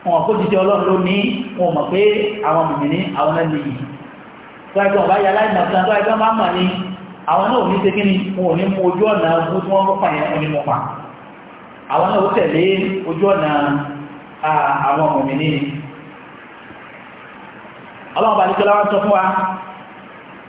wọ́n mọ̀ kó jíjẹ ọlọ́run ló ní wọ́n mọ̀ pé àwọn mùmìnì àwọn náà yìí tó àìsàn bá yà láìnà kan tó àìsàn máa mà ní àwọn náà ò ní ṣe kíni wọn ò ní mú ojú ọ̀nà ojú tí wọ́n mú pààyàn ẹni mọ̀ pa àwọn náà ó tẹ̀lé ojú ọ̀nà àwọn mùmìnì ọlọ́run bá àdìsọ láwọn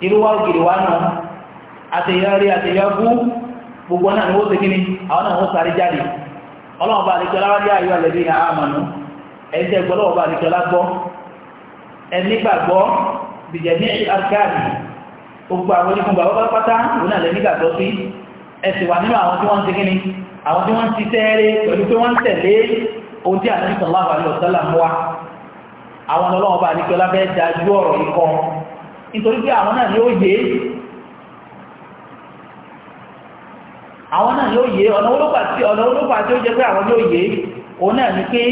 irú wá ògiri wá náà àtẹ̀yẹ́rí àtẹ̀yẹ́kú gbogbo náà ni ó segin ni àwọn náà ó sáré jáde ọlọ́run bá àdìkọ́lá wájú ayọ́ ẹlẹ́bí ní àmànú ẹ̀ẹ́dẹ́ gbọ́lọ́wọ́ bá àdìkọ́lá gbọ́ ẹni gbàgbọ́ bìjẹ̀mí àkáàdì gbogbo àwọn oníkun bàbá pátá òun náà lẹ́ni gbàgbọ́ sí ẹ̀sì wà nínú àwọn tí wọ́n segin ni àwọn tí wọ́n ti tẹ́ẹ̀rẹ́ pẹ̀lú pé wọ́n tẹ̀lé ohun tí àdìkọ́lá wà ní nítorí pé àwọn náà ni ó yé àwọn náà ni ó yé ọ̀nà olópa tí ọ̀nà olópa tí ó jẹ́ pé àwọn ni yé òun náà ni pé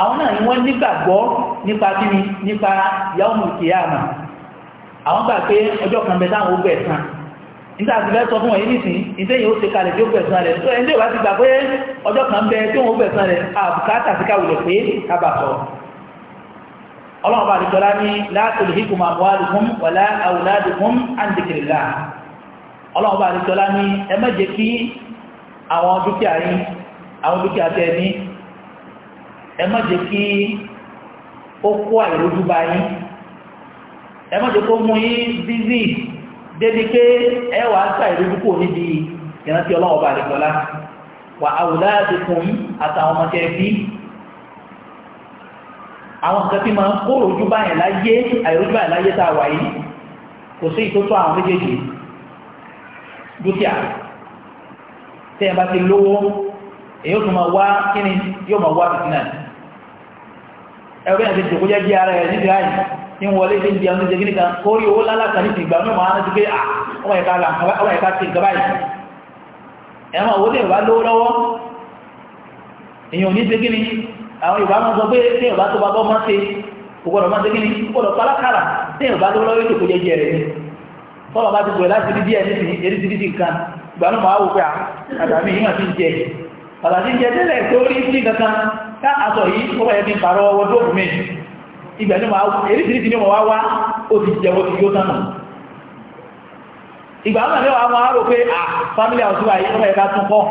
àwọn náà ni wọ́n nígbàgbọ́ nípa kíni nípa yawmul qiyamah àwọn gbà pé ọjọ́ kan bẹ táwọn ó gbẹ̀san nígbà tí bẹ́ẹ̀ sọ fún ẹ̀yìn nìsín ìdẹ́yìn ó ṣe kalẹ̀ tí ó rẹ̀ ẹni tí bá ti gbà pé ọjọ́ kan bẹ tí òun ó rẹ̀ àbùkátà ọlọ́run bá àdìjọ́lá ní la tulhikum amwalukum wala auladukum an dhikrillah ọlọ́run bá àdìjọ́lá ní ẹ má jẹ́ kí àwọn dúkìá yín àwọn dúkìá tẹ́ ní ẹ má jẹ́ kí ó kó àìrójú bá yín ẹ má jẹ́ kó mú yín bízì débi pé ẹ wà á sá ìrójú kò níbi ìrántí ọlọ́run bá àdìjọ́lá wà auladukum àtàwọn ọmọ àwọn nǹkan tí máa ń kó rojú báyìí láyé àìrojú báyìí láyé tá a wà yìí kò sí ìtótó àwọn méjèèjì dúkìá tẹ́ ẹ bá ti lówó èyí ó tún máa wá kí ni yóò máa wá fìtínà ẹ̀rọ bí àti ìjòkó jẹ́ jí ara ẹ̀ níbi ráyìí tí wọlé tí ń di ọdún jẹ́ gíníkan ó rí owó lálàkà ní ìgbà náà máa pé ọmọ ẹ̀ka ra ọmọ ẹ̀ka ti ìjọba yìí ẹ̀wọ̀n owó lè wá lówó lọ́wọ́ èyàn ò ní ṣe gíní àwọn yorùbá máa sọ pé tí yorùbá tó bá bọ́ máa ṣe ògbọ́dọ̀ máa ṣe kí ni ògbọ́dọ̀ pálákàrà tí yorùbá tó lọ́wọ́ ètò rẹ̀ ni tọ́lọ̀ bá ti láti rí díẹ̀ nísìnyí eréṣiríṣi nǹkan ìgbà náà máa pé àtàmì pàtàkì tẹ́lẹ̀ tó rí sí kankan ká aṣọ yìí pàrọ̀ ọwọ́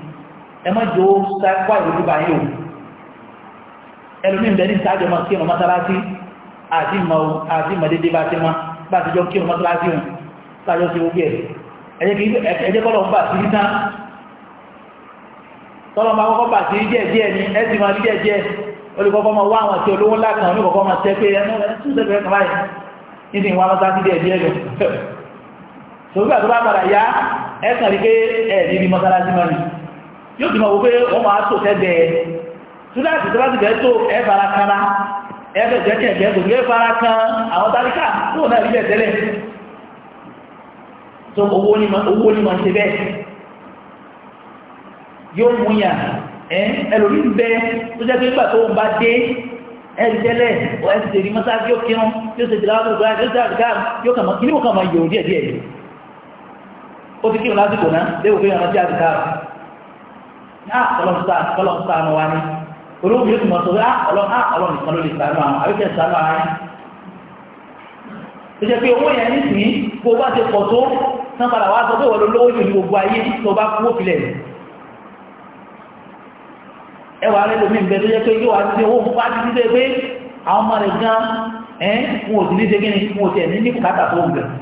ẹmọ́jọ́ sáàkọ́ ìrúbà yíò ẹlùmí ìbẹ̀ ní ìsájọ́ ma kí ọmọ mọ́sálásí àti ìmọ̀dédé bá ti wọ́n bá ti jọ kí ọmọ mọ́sálásí wọn sájọ́ sí ogé ẹjẹ́ kọ́lọ̀ ń bà sí títán tọ́lọ̀ ma kọ́kọ́ bà sí díẹ̀ díẹ̀ ní ẹ̀sì ma díẹ̀ díẹ̀ olùkọ́kọ́ ma wá àwọn tí olówó ńlá kan olùkọ́kọ́ ma tẹ́ pé ẹnu ṣúṣẹ́fẹ́ kan báyìí níbi ìwọ̀n mọ́sálásí díẹ̀ díẹ̀ lọ sọ́gbà *laughs* tó bá padà yá ẹ̀sàn rí pé ẹ̀ẹ́dì mọ́sálásí mọ́rin yóò ti máa wo pé wọ́n máa tó tẹ́gbẹ̀ ẹ̀ túláàtì tó láti bẹ̀ẹ́ tó ẹ fara kanra ẹgbẹ́ jẹ́kẹ̀ ẹgbẹ́ tó ẹ fara kan àwọn tálíkà tó náà rí bẹ̀ tẹ́lẹ̀ tó owó ní máa ṣe bẹ́ẹ̀ yóò mú yàn ẹlòmí ń bẹ tó jẹ́ pé nígbà tó ń bá dé ẹ̀rí tẹ́lẹ̀ ọ ẹ̀ ti tẹ̀lé mọ́tá yóò kírun yóò ṣe tìlá ọdún ìgbàlá yóò ṣe àgbà yóò kàn mọ́ kí ní mo kàn mọ́ yòó díẹ̀díẹ̀ ó ti kírun lásìkò náà léwu pé ọ̀nà tí a ti Ah, ọlọ́mùsá ọlọ́mùsá ọmọ wa ni olóògbé yóò tún mọ̀ sọ pé ah, ọlọ́mù ah, nìkan ló lè sànú àwọn àbíkẹ́ sànú ara yẹn. tó jẹ́ pé owó yẹn nísìnyí kó o bá ti pọ̀ tó tán padà wá sọ pé wọ́n ló lówó jù ní gbogbo ayé tó o bá kú òfìlẹ̀. ẹ wà lẹ́nu mi bẹ́ẹ̀ tó pé yóò wá sí owó fún pàtí títẹ́ pé àwọn ọmọ rẹ̀ gan ẹ̀ ń wò sí ní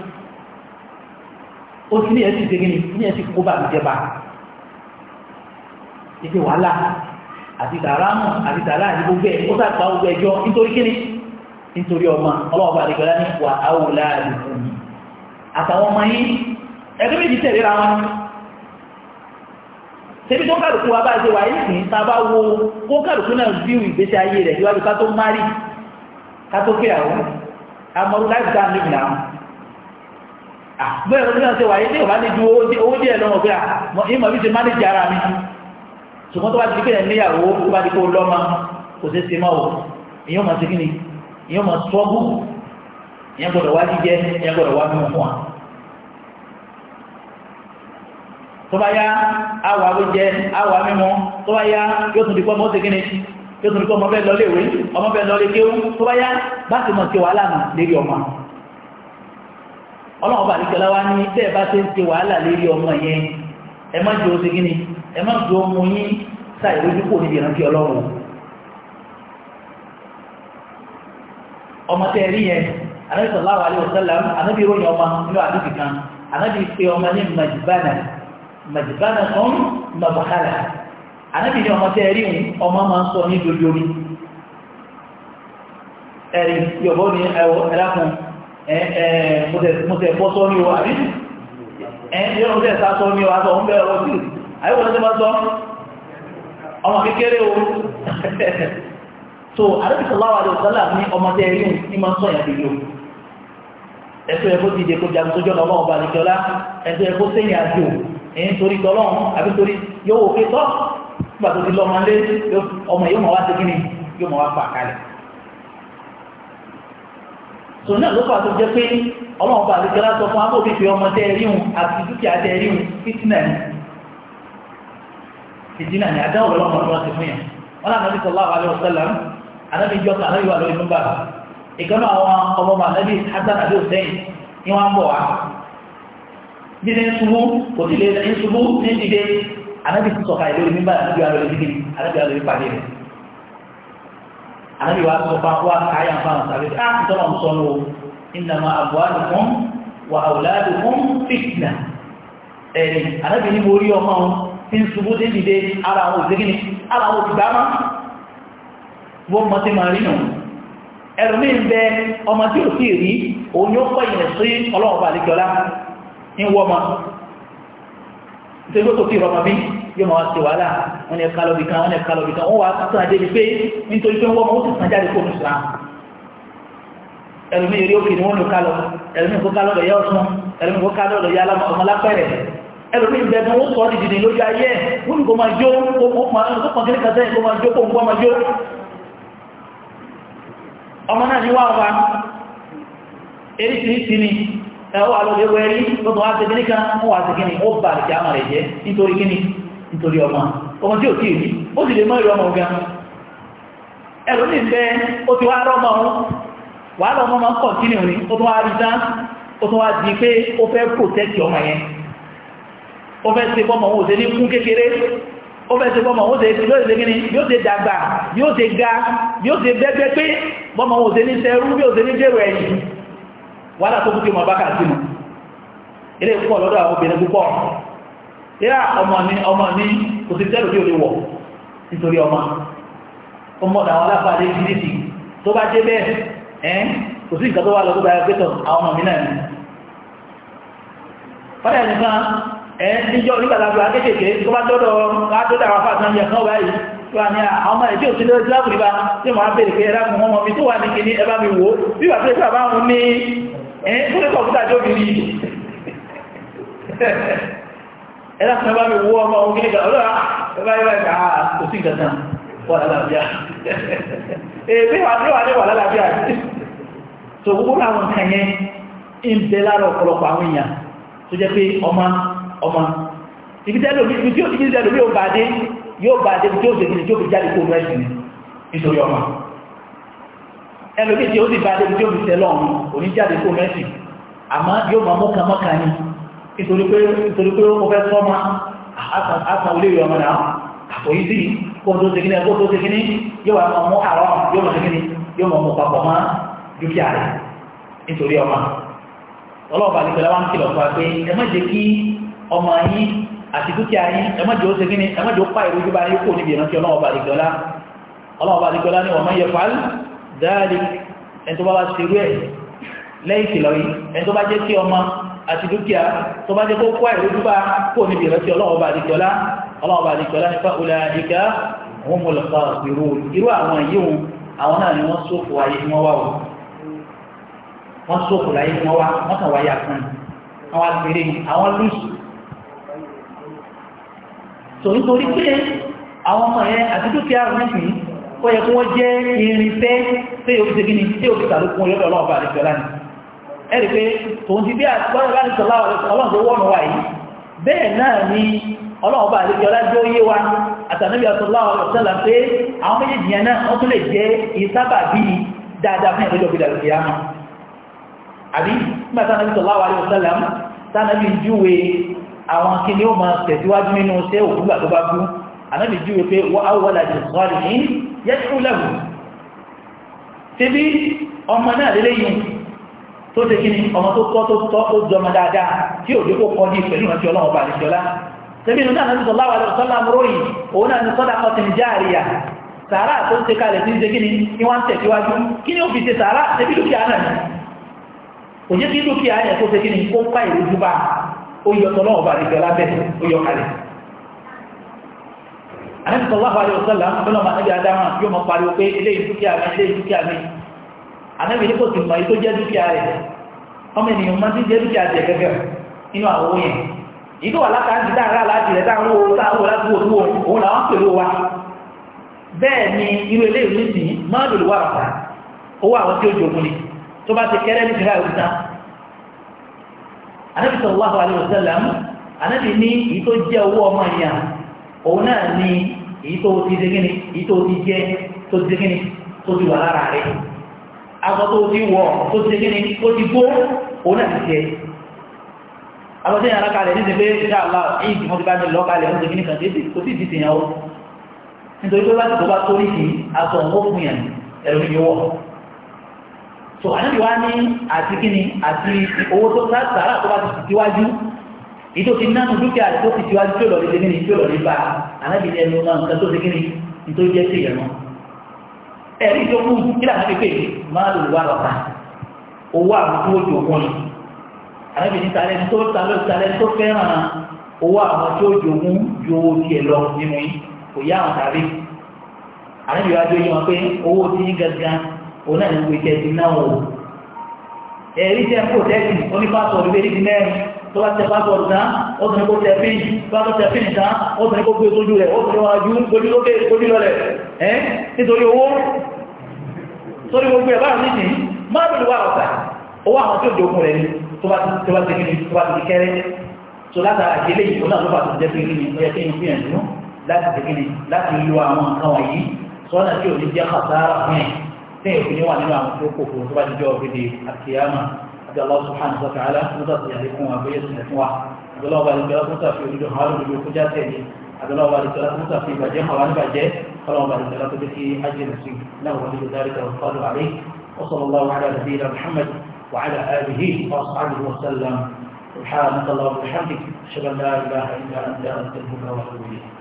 ó ti ní ẹ̀sìn ìdégé ní ẹ̀sìn kó bá ìjẹba ìdí wàhálà àti dàrámù àti dàrá àti gbogbo ẹ̀ ó sàgbà gbogbo ẹjọ́ nítorí kíni nítorí ọmọ ọlọ́wọ́ bá àdìgbọ́lá ní wà áwòlá àdìgbò yìí àtàwọn ọmọ yìí ẹgbẹ́ méjì tẹ̀lé ra wọn ṣebí tó ń kàlùkù wa bá ṣe wà yìí sìn tá a bá wo kó kàlùkù náà bí ìgbésí ayé rẹ̀ síwájú ká tó márì ká tó kíyàwó àmọ́rú láìpẹ́ àmì ìgbìyàwó bẹ́ẹ̀ lọ́dún náà ṣe wáyé tí òbá ní ju owó díẹ̀ lọ́wọ́ pé ìmọ̀ bí ṣe mánéjì ara mi ṣùgbọ́n tó bá ti kéde níyàwó tó bá ti kó lọ́mọ kò ṣe ṣe máa wò èyàn máa ṣe kí ni èyàn máa tọ́gù èyàn gbọ́dọ̀ wá jíjẹ èyàn gbọ́dọ̀ wá mímu fún wa. tó bá yá awọ awójẹ awọ mímu tó bá yá yóò tún di pọ́ mọ́ ṣe ni yóò tún di pọ́ ọmọ bẹ́ẹ̀ lọ léwé ọmọ bẹ́ẹ̀ lọ ọlọ́run bá nìkẹ́lá wá ní tẹ́ ẹ bá ṣe ń ṣe wàhálà lérí ọmọ yẹn ẹ má jọ ṣe gíní ẹ má jọ mú yín sáì lójú kò níbi ìrántí ọlọ́run ọmọ tẹ́ rí yẹn anábì sallallahu alaihi wasallam anábì ròyìn ọmọ nínú àdúgbò kan anábì pe ọmọ ní màjìbánà màjìbánà kan màbàkàlà anábì ní ọmọ tẹ́ rí ọmọ máa ń sọ ní dodo ẹ̀rí yọ̀bọ́ ni ẹ̀wọ̀ ẹ̀lákùn mọ̀tẹ̀ bọ́ sọ ní o àbí ẹ̀yìn mọ̀tẹ̀ sá sọ ní o aṣọ ń bẹ̀rẹ̀ ọdún àyíkọ̀ lọ́sẹ̀ máa sọ ọmọ kékeré o *laughs* so àdébìsọ̀láwà lè sọ́là ní ọmọdé ẹ̀rí ní máa ń sọ ìyàbí yóò ẹ̀tọ́ ẹ̀kọ́ dìde kó jagun sójú ọ̀nà ọba àdìjọlá ẹ̀tọ́ ẹ̀kọ́ sẹ́yìn àjò ẹ̀yìn torí tọ́lọ́run àbí torí yóò wò pé tọ́ nígbà tó ti lọ́mọ lé ọmọ yóò mọ̀ tò náà ló fà tó jẹ́ pé ọlọ́run bá àdékẹ́lá sọ fún amóbi fi ọmọ tẹ́ ríhun àti dúkìá tẹ́ ríhun ni fìtínà ni àdáwò lọ́mọ ọ̀rọ̀ ti fún yẹn wọn náà nàbí sọlá àwọn àlẹ́ ọ̀sẹ́lá anábì jọ́ka anábì wà lórí nùbà ìkànnì àwọn ọmọ màlẹ́bí hasan àbí hussein ni wọ́n ń bọ̀ wá bí ní ànábì wa sọ fún wa káyà fún àwọn sàbẹ̀ ká tọ́lọ̀ ń sọnù o innama amwalukum wa auladukum fitna ẹ̀rì ànábì ní mo rí ọmọ wọn tí ń ṣubú dé dìde ara àwọn òṣèkìní ara àwọn òṣìgbàmá wọ́n mọ́ sí máa rí nù ń bẹ ọmọ tí ò sí rí òun yóò pọ̀ ìrìn sí ọlọ́ọ̀bà àlejọ́lá ń wọ́ ma ṣe ló tó fi rọmọ bí yóò máa ṣe wàhálà wọn lè kálọ̀ bìkan wọn lè kálọ̀ bìkan wọn wà á sàn débi pé nítorí pé wọ́n mọ̀ ó sì sàn jáde kó nùsùlá ẹlòmí eré òkè ni wọ́n lò kálọ̀ ẹlòmí kó kálọ̀ lọ yá ọ̀sán ẹlòmí kó kálọ̀ lọ yá ọmọlápẹ̀rẹ̀ ẹlòmí ìbẹ̀gàn ó sọ dìdì lójú ayé wọn kò máa jó ó pọn kí ní kàtẹ́ kó máa jó kó ń kó máa jó ọmọ náà ní wà wá eríṣiríṣi ni ẹwọ́ àlọ́ nítorí ọmọ ọmọ tí ò tí èyí ó sì lè mọ́ ìrọmọ ọ̀gá ẹ̀rọ ní ìfẹ́ ó ti wá rọ́mọ ọ̀hún wà lọ́mọ ọmọ kọ̀tínì rí ó tó wá rí dá ó tó wá di pé ó fẹ́ protect ọmọ yẹn ó fẹ́ ṣe bọ́mọ òun òṣèlú kún kékeré ó fẹ́ ṣe bọ́mọ òun òṣèlú yóò ṣe dàgbà yóò ṣe ga yóò ṣe yá ọmọ ní ọmọ ní kò sí tẹ́lù tí ò lè wọ̀ nítorí ọmọ ọmọ àwọn alábàálé gírísì tó bá dé bẹ́ẹ̀ ẹ́ kò sí ìgbà tó wà lọ tó bá yẹ pẹ́tọ̀ àwọn ọmọ mi náà ni fọ́nà ẹ̀ nìkan ẹ̀ níjọ́ nígbàtàgbà kéèkéé tó bá tọ́dọ̀ látọ́dọ̀ àwọn afáàtàn yẹ̀ kan báyìí wà ní àwọn ẹ̀tí ò sí lórí ìsìláàmù nípa tí wọ́n á bèèrè pé ẹ̀rákùn ọmọ mi tó wà ní kìíní ẹbá mi wò bí wà pé sábà ń ní ẹ̀ fún ẹ̀kọ́ *laughs* ẹ̀lá kan bá mi wó ọmọ ohun kí ní kan ọlọ́rà ah, ẹ̀bá yẹ́ báyìí káà ah, kò sí ìgbà náà wà lálàáfíà *laughs* èdè wà ní wà ní wà lálàáfíà tó gbogbo àwọn nǹkan yẹn ń bẹ lára ọ̀pọ̀lọpọ̀ àwọn èèyàn tó jẹ́ pé ọmọ ọmọ ibi tẹ́lẹ̀ omi tí ó ti gbé lórí yóò bá dé yóò bá dé tí ó ti gbé tí ó fi jáde kó rẹ́sì ni nítorí ọmọ ẹlòmí tí ó ti bá dé tí ó fi tẹ́lọ̀ ọ̀hún òní jáde kó rẹ́sì àmọ́ yóò máa mọ́kànmọ́kàn ni nítorí pé nítorí pé ó fẹ́ sọ́mà àṣà olè ìwé ọmọ náà àkòyí sí kó tó segin náà kó tó segin yóò wá mọ̀ àrọ́ yóò mọ̀ segin yóò mọ̀ mọ̀ papọ̀ mọ́ dúkìá rẹ̀ nítorí ọmọ ọlọ́ọ̀bà àdìgbẹ́lá wa ń kìlọ̀ fún wa pé ẹ má jẹ́ kí ọmọ yín àti dúkìá yín ẹ má jẹ́ ó segin ẹ má jẹ́ ó pa ìrújú bá yín kó níbi ìrántí ọlọ́ọ̀bà àdìgbẹ́lá ọlọ́ọ̀bà àdìgbẹ́lá ni wọ́n máa yẹ fàál dáàlì ẹni tó bá wá ṣerú ẹ̀ lẹ́yìn ọmọ àti dúkìá tó bá jẹ́ kó kó àìrí dúbà kó níbi ìrẹsì ọlọ́ọ̀bà àdìjọ́lá ọlọ́ọ̀bà àdìjọ́lá nípa òlà àdìjá òun mo lọ sọ ìrú irú àwọn yíhun àwọn náà ni wọ́n sófò ayé ni wọ́n wá wọ̀ wọ́n sófò láyé ni wọ́n wá wọ́n kàn wáyé àkànnì àwọn àgbèrè àwọn lùsù torítorí pé àwọn ọmọ ẹ̀ àti dúkìá rẹ̀ nìkan ó yẹ kó wọ́n jẹ́ irinṣẹ́ tí yóò fi ṣe kí ọlọ́ọ̀bà àdìjọ́lá ni ẹ̀rì pé tòun ti bí àtìwọ́n láti sọ láwọn ọlọ́run tó wọ́n wà yìí bẹ́ẹ̀ náà ni ọlọ́run bá àlejò ọlájọ́ yé wa àtànàbí ọ̀sọ̀láwọ̀ ọ̀sọ̀lá pé àwọn méjèèjì yẹn náà wọ́n tún lè jẹ́ ìsábà bí dáadáa fún ìrẹ́jọ́ ìdàlù ìyá mọ́ àbí nígbà tánàbí sọ̀láwọ̀ ọ̀sọ̀lá tánàbí júwe àwọn kí ni ó máa tẹ̀síwájú nínú iṣẹ́ òkú gbà tó bá kú ànábì tó ṣe kí ni ọmọ tó tọ́ tó tọ́ tó jọmọ dáadáa tí òde kò kọ́ ní pẹ̀lú ìrántí ọlọ́run bàlẹ̀ ìjọlá tẹ́bí inú náà nàbí sọ̀lá wà lọ́sọ́ náà ròyìn òun náà ní sọ́dà kọ́tìn jáàríyà sàárà tó ń ṣe kalẹ̀ tí ń ṣe kíni ní wọ́n ń tẹ̀síwájú kí ni ó fi ṣe sàárà tẹ́bí dúkìá náà kò jẹ́ kí dúkìá yẹn tó ṣe kíni kó ń pa ìrújú bá ó yọ tọ́lọ́ ọba àti ìjọlá bẹ́ẹ̀ ó yọ kalẹ̀ àníbi sọ̀lá wà lọ́sọ́ náà àtẹ́bí ní kò sì mọ̀ tó jẹ́ dúkìá rẹ̀ ọmọ ènìyàn máa ti jẹ́ dúkìá jẹ gẹ́gẹ́ inú àwọn owó yẹn ìlú wà látàájì dára láti rẹ̀ táwọn owó táwọn láti wò tó òun làwọn pẹ̀lú wa bẹ́ẹ̀ ni irú ilé ìlú sí máa lòlù wà rà owó àwọn tí ó jogun ni tó bá ti kẹ́rẹ́ ní ìrà òkúta anábì sallallahu alaihi wasallam anábì ní èyí tó jẹ́ owó ọmọ ènìyàn òun náà ni èyí tó ti dégíní èyí tó ti jẹ́ tó ti dégíní tó ti wà lára rẹ̀ aṣọ tó ti wọ̀ tó ti kí ni ó ti gbó òun náà ti tẹ́ aṣọ tí yàrá kalẹ̀ ní ti pé ṣe àlá èyí tí wọ́n ti bá mi lọ kalẹ̀ ó ti kí ni kàn sí kò sí ìdí tìyàn o nítorí pé láti tó bá tó nìkì aṣọ ń wọ́n fún yàn ẹ̀rọ ní wọ́ so àníbi wá ní àti kí ni àti owó tó ń sàrà tó bá ti ti wájú ìtò ti nánú dúkìá tó ti ti wájú tó lọ ní ti kí ni tó lọ ní bá àníbi ẹnu náà nǹkan tó ti kí ni nítorí jẹ́ sí ìyẹn náà ẹ̀rí tó kú kí làwọn ti pè é máa lò wá lọ́ta owó àbùkù òjò ògùn ni àbẹ̀bí ní talẹ̀ tó talẹ̀ talẹ̀ tó fẹ́ràn owó àwọn tí ó jogún ju owó tiẹ̀ lọ nínú yìí kò yá àwọn tàbí àbẹ̀bí wájú yìí wọn pé owó tí ní gangan òun náà ní gbogbo ìjẹ́ ti náà wò ẹ̀rí tẹ́ kó tẹ́sì onífàtọ̀ ìbéèrè ti mẹ́rin tó bá tẹ pásọ̀tù tán ó tún ní kó tẹ fíìnì tó bá tẹ fíìnì tán ó tún ní kó gbé sójú rẹ̀ ó tún ní wájú gbójúlọ́lẹ̀ ẹ́ nítorí owó sórí gbogbo ẹ̀bá rẹ̀ nìyí máa bèèrè wà ọ̀tà owó àwọn tí ó di okun rẹ̀ ni tó bá ti kiri tó bá ti kẹ́rẹ́ tó látara ìdílé ìfò náà ló bá ti jẹ́ pé kí ni ó yẹ kí ni gbìyànjú láti tẹ̀kí ni láti lo àwọn nǹkan wọ̀nyí sọ́nà tí ò ní jẹ́ kàtàrà fún ẹ̀ àbẹ̀lọ́wọ́ àdìsọ́lá tó sà fi ìbàjẹ́ hàn wá níbàjẹ́ ọlọ́wọ́ àdìsọ́lá tó fi hajj nìsí náà wọ́n nílò dárí kan fọ́lù àlẹ́ وصلى الله على نبينا محمد وعلى آله وأصحابه وسلم سبحانك اللهم وبحمدك أشهد أن لا إله إلا أنت أستغفرك وأتوب إليك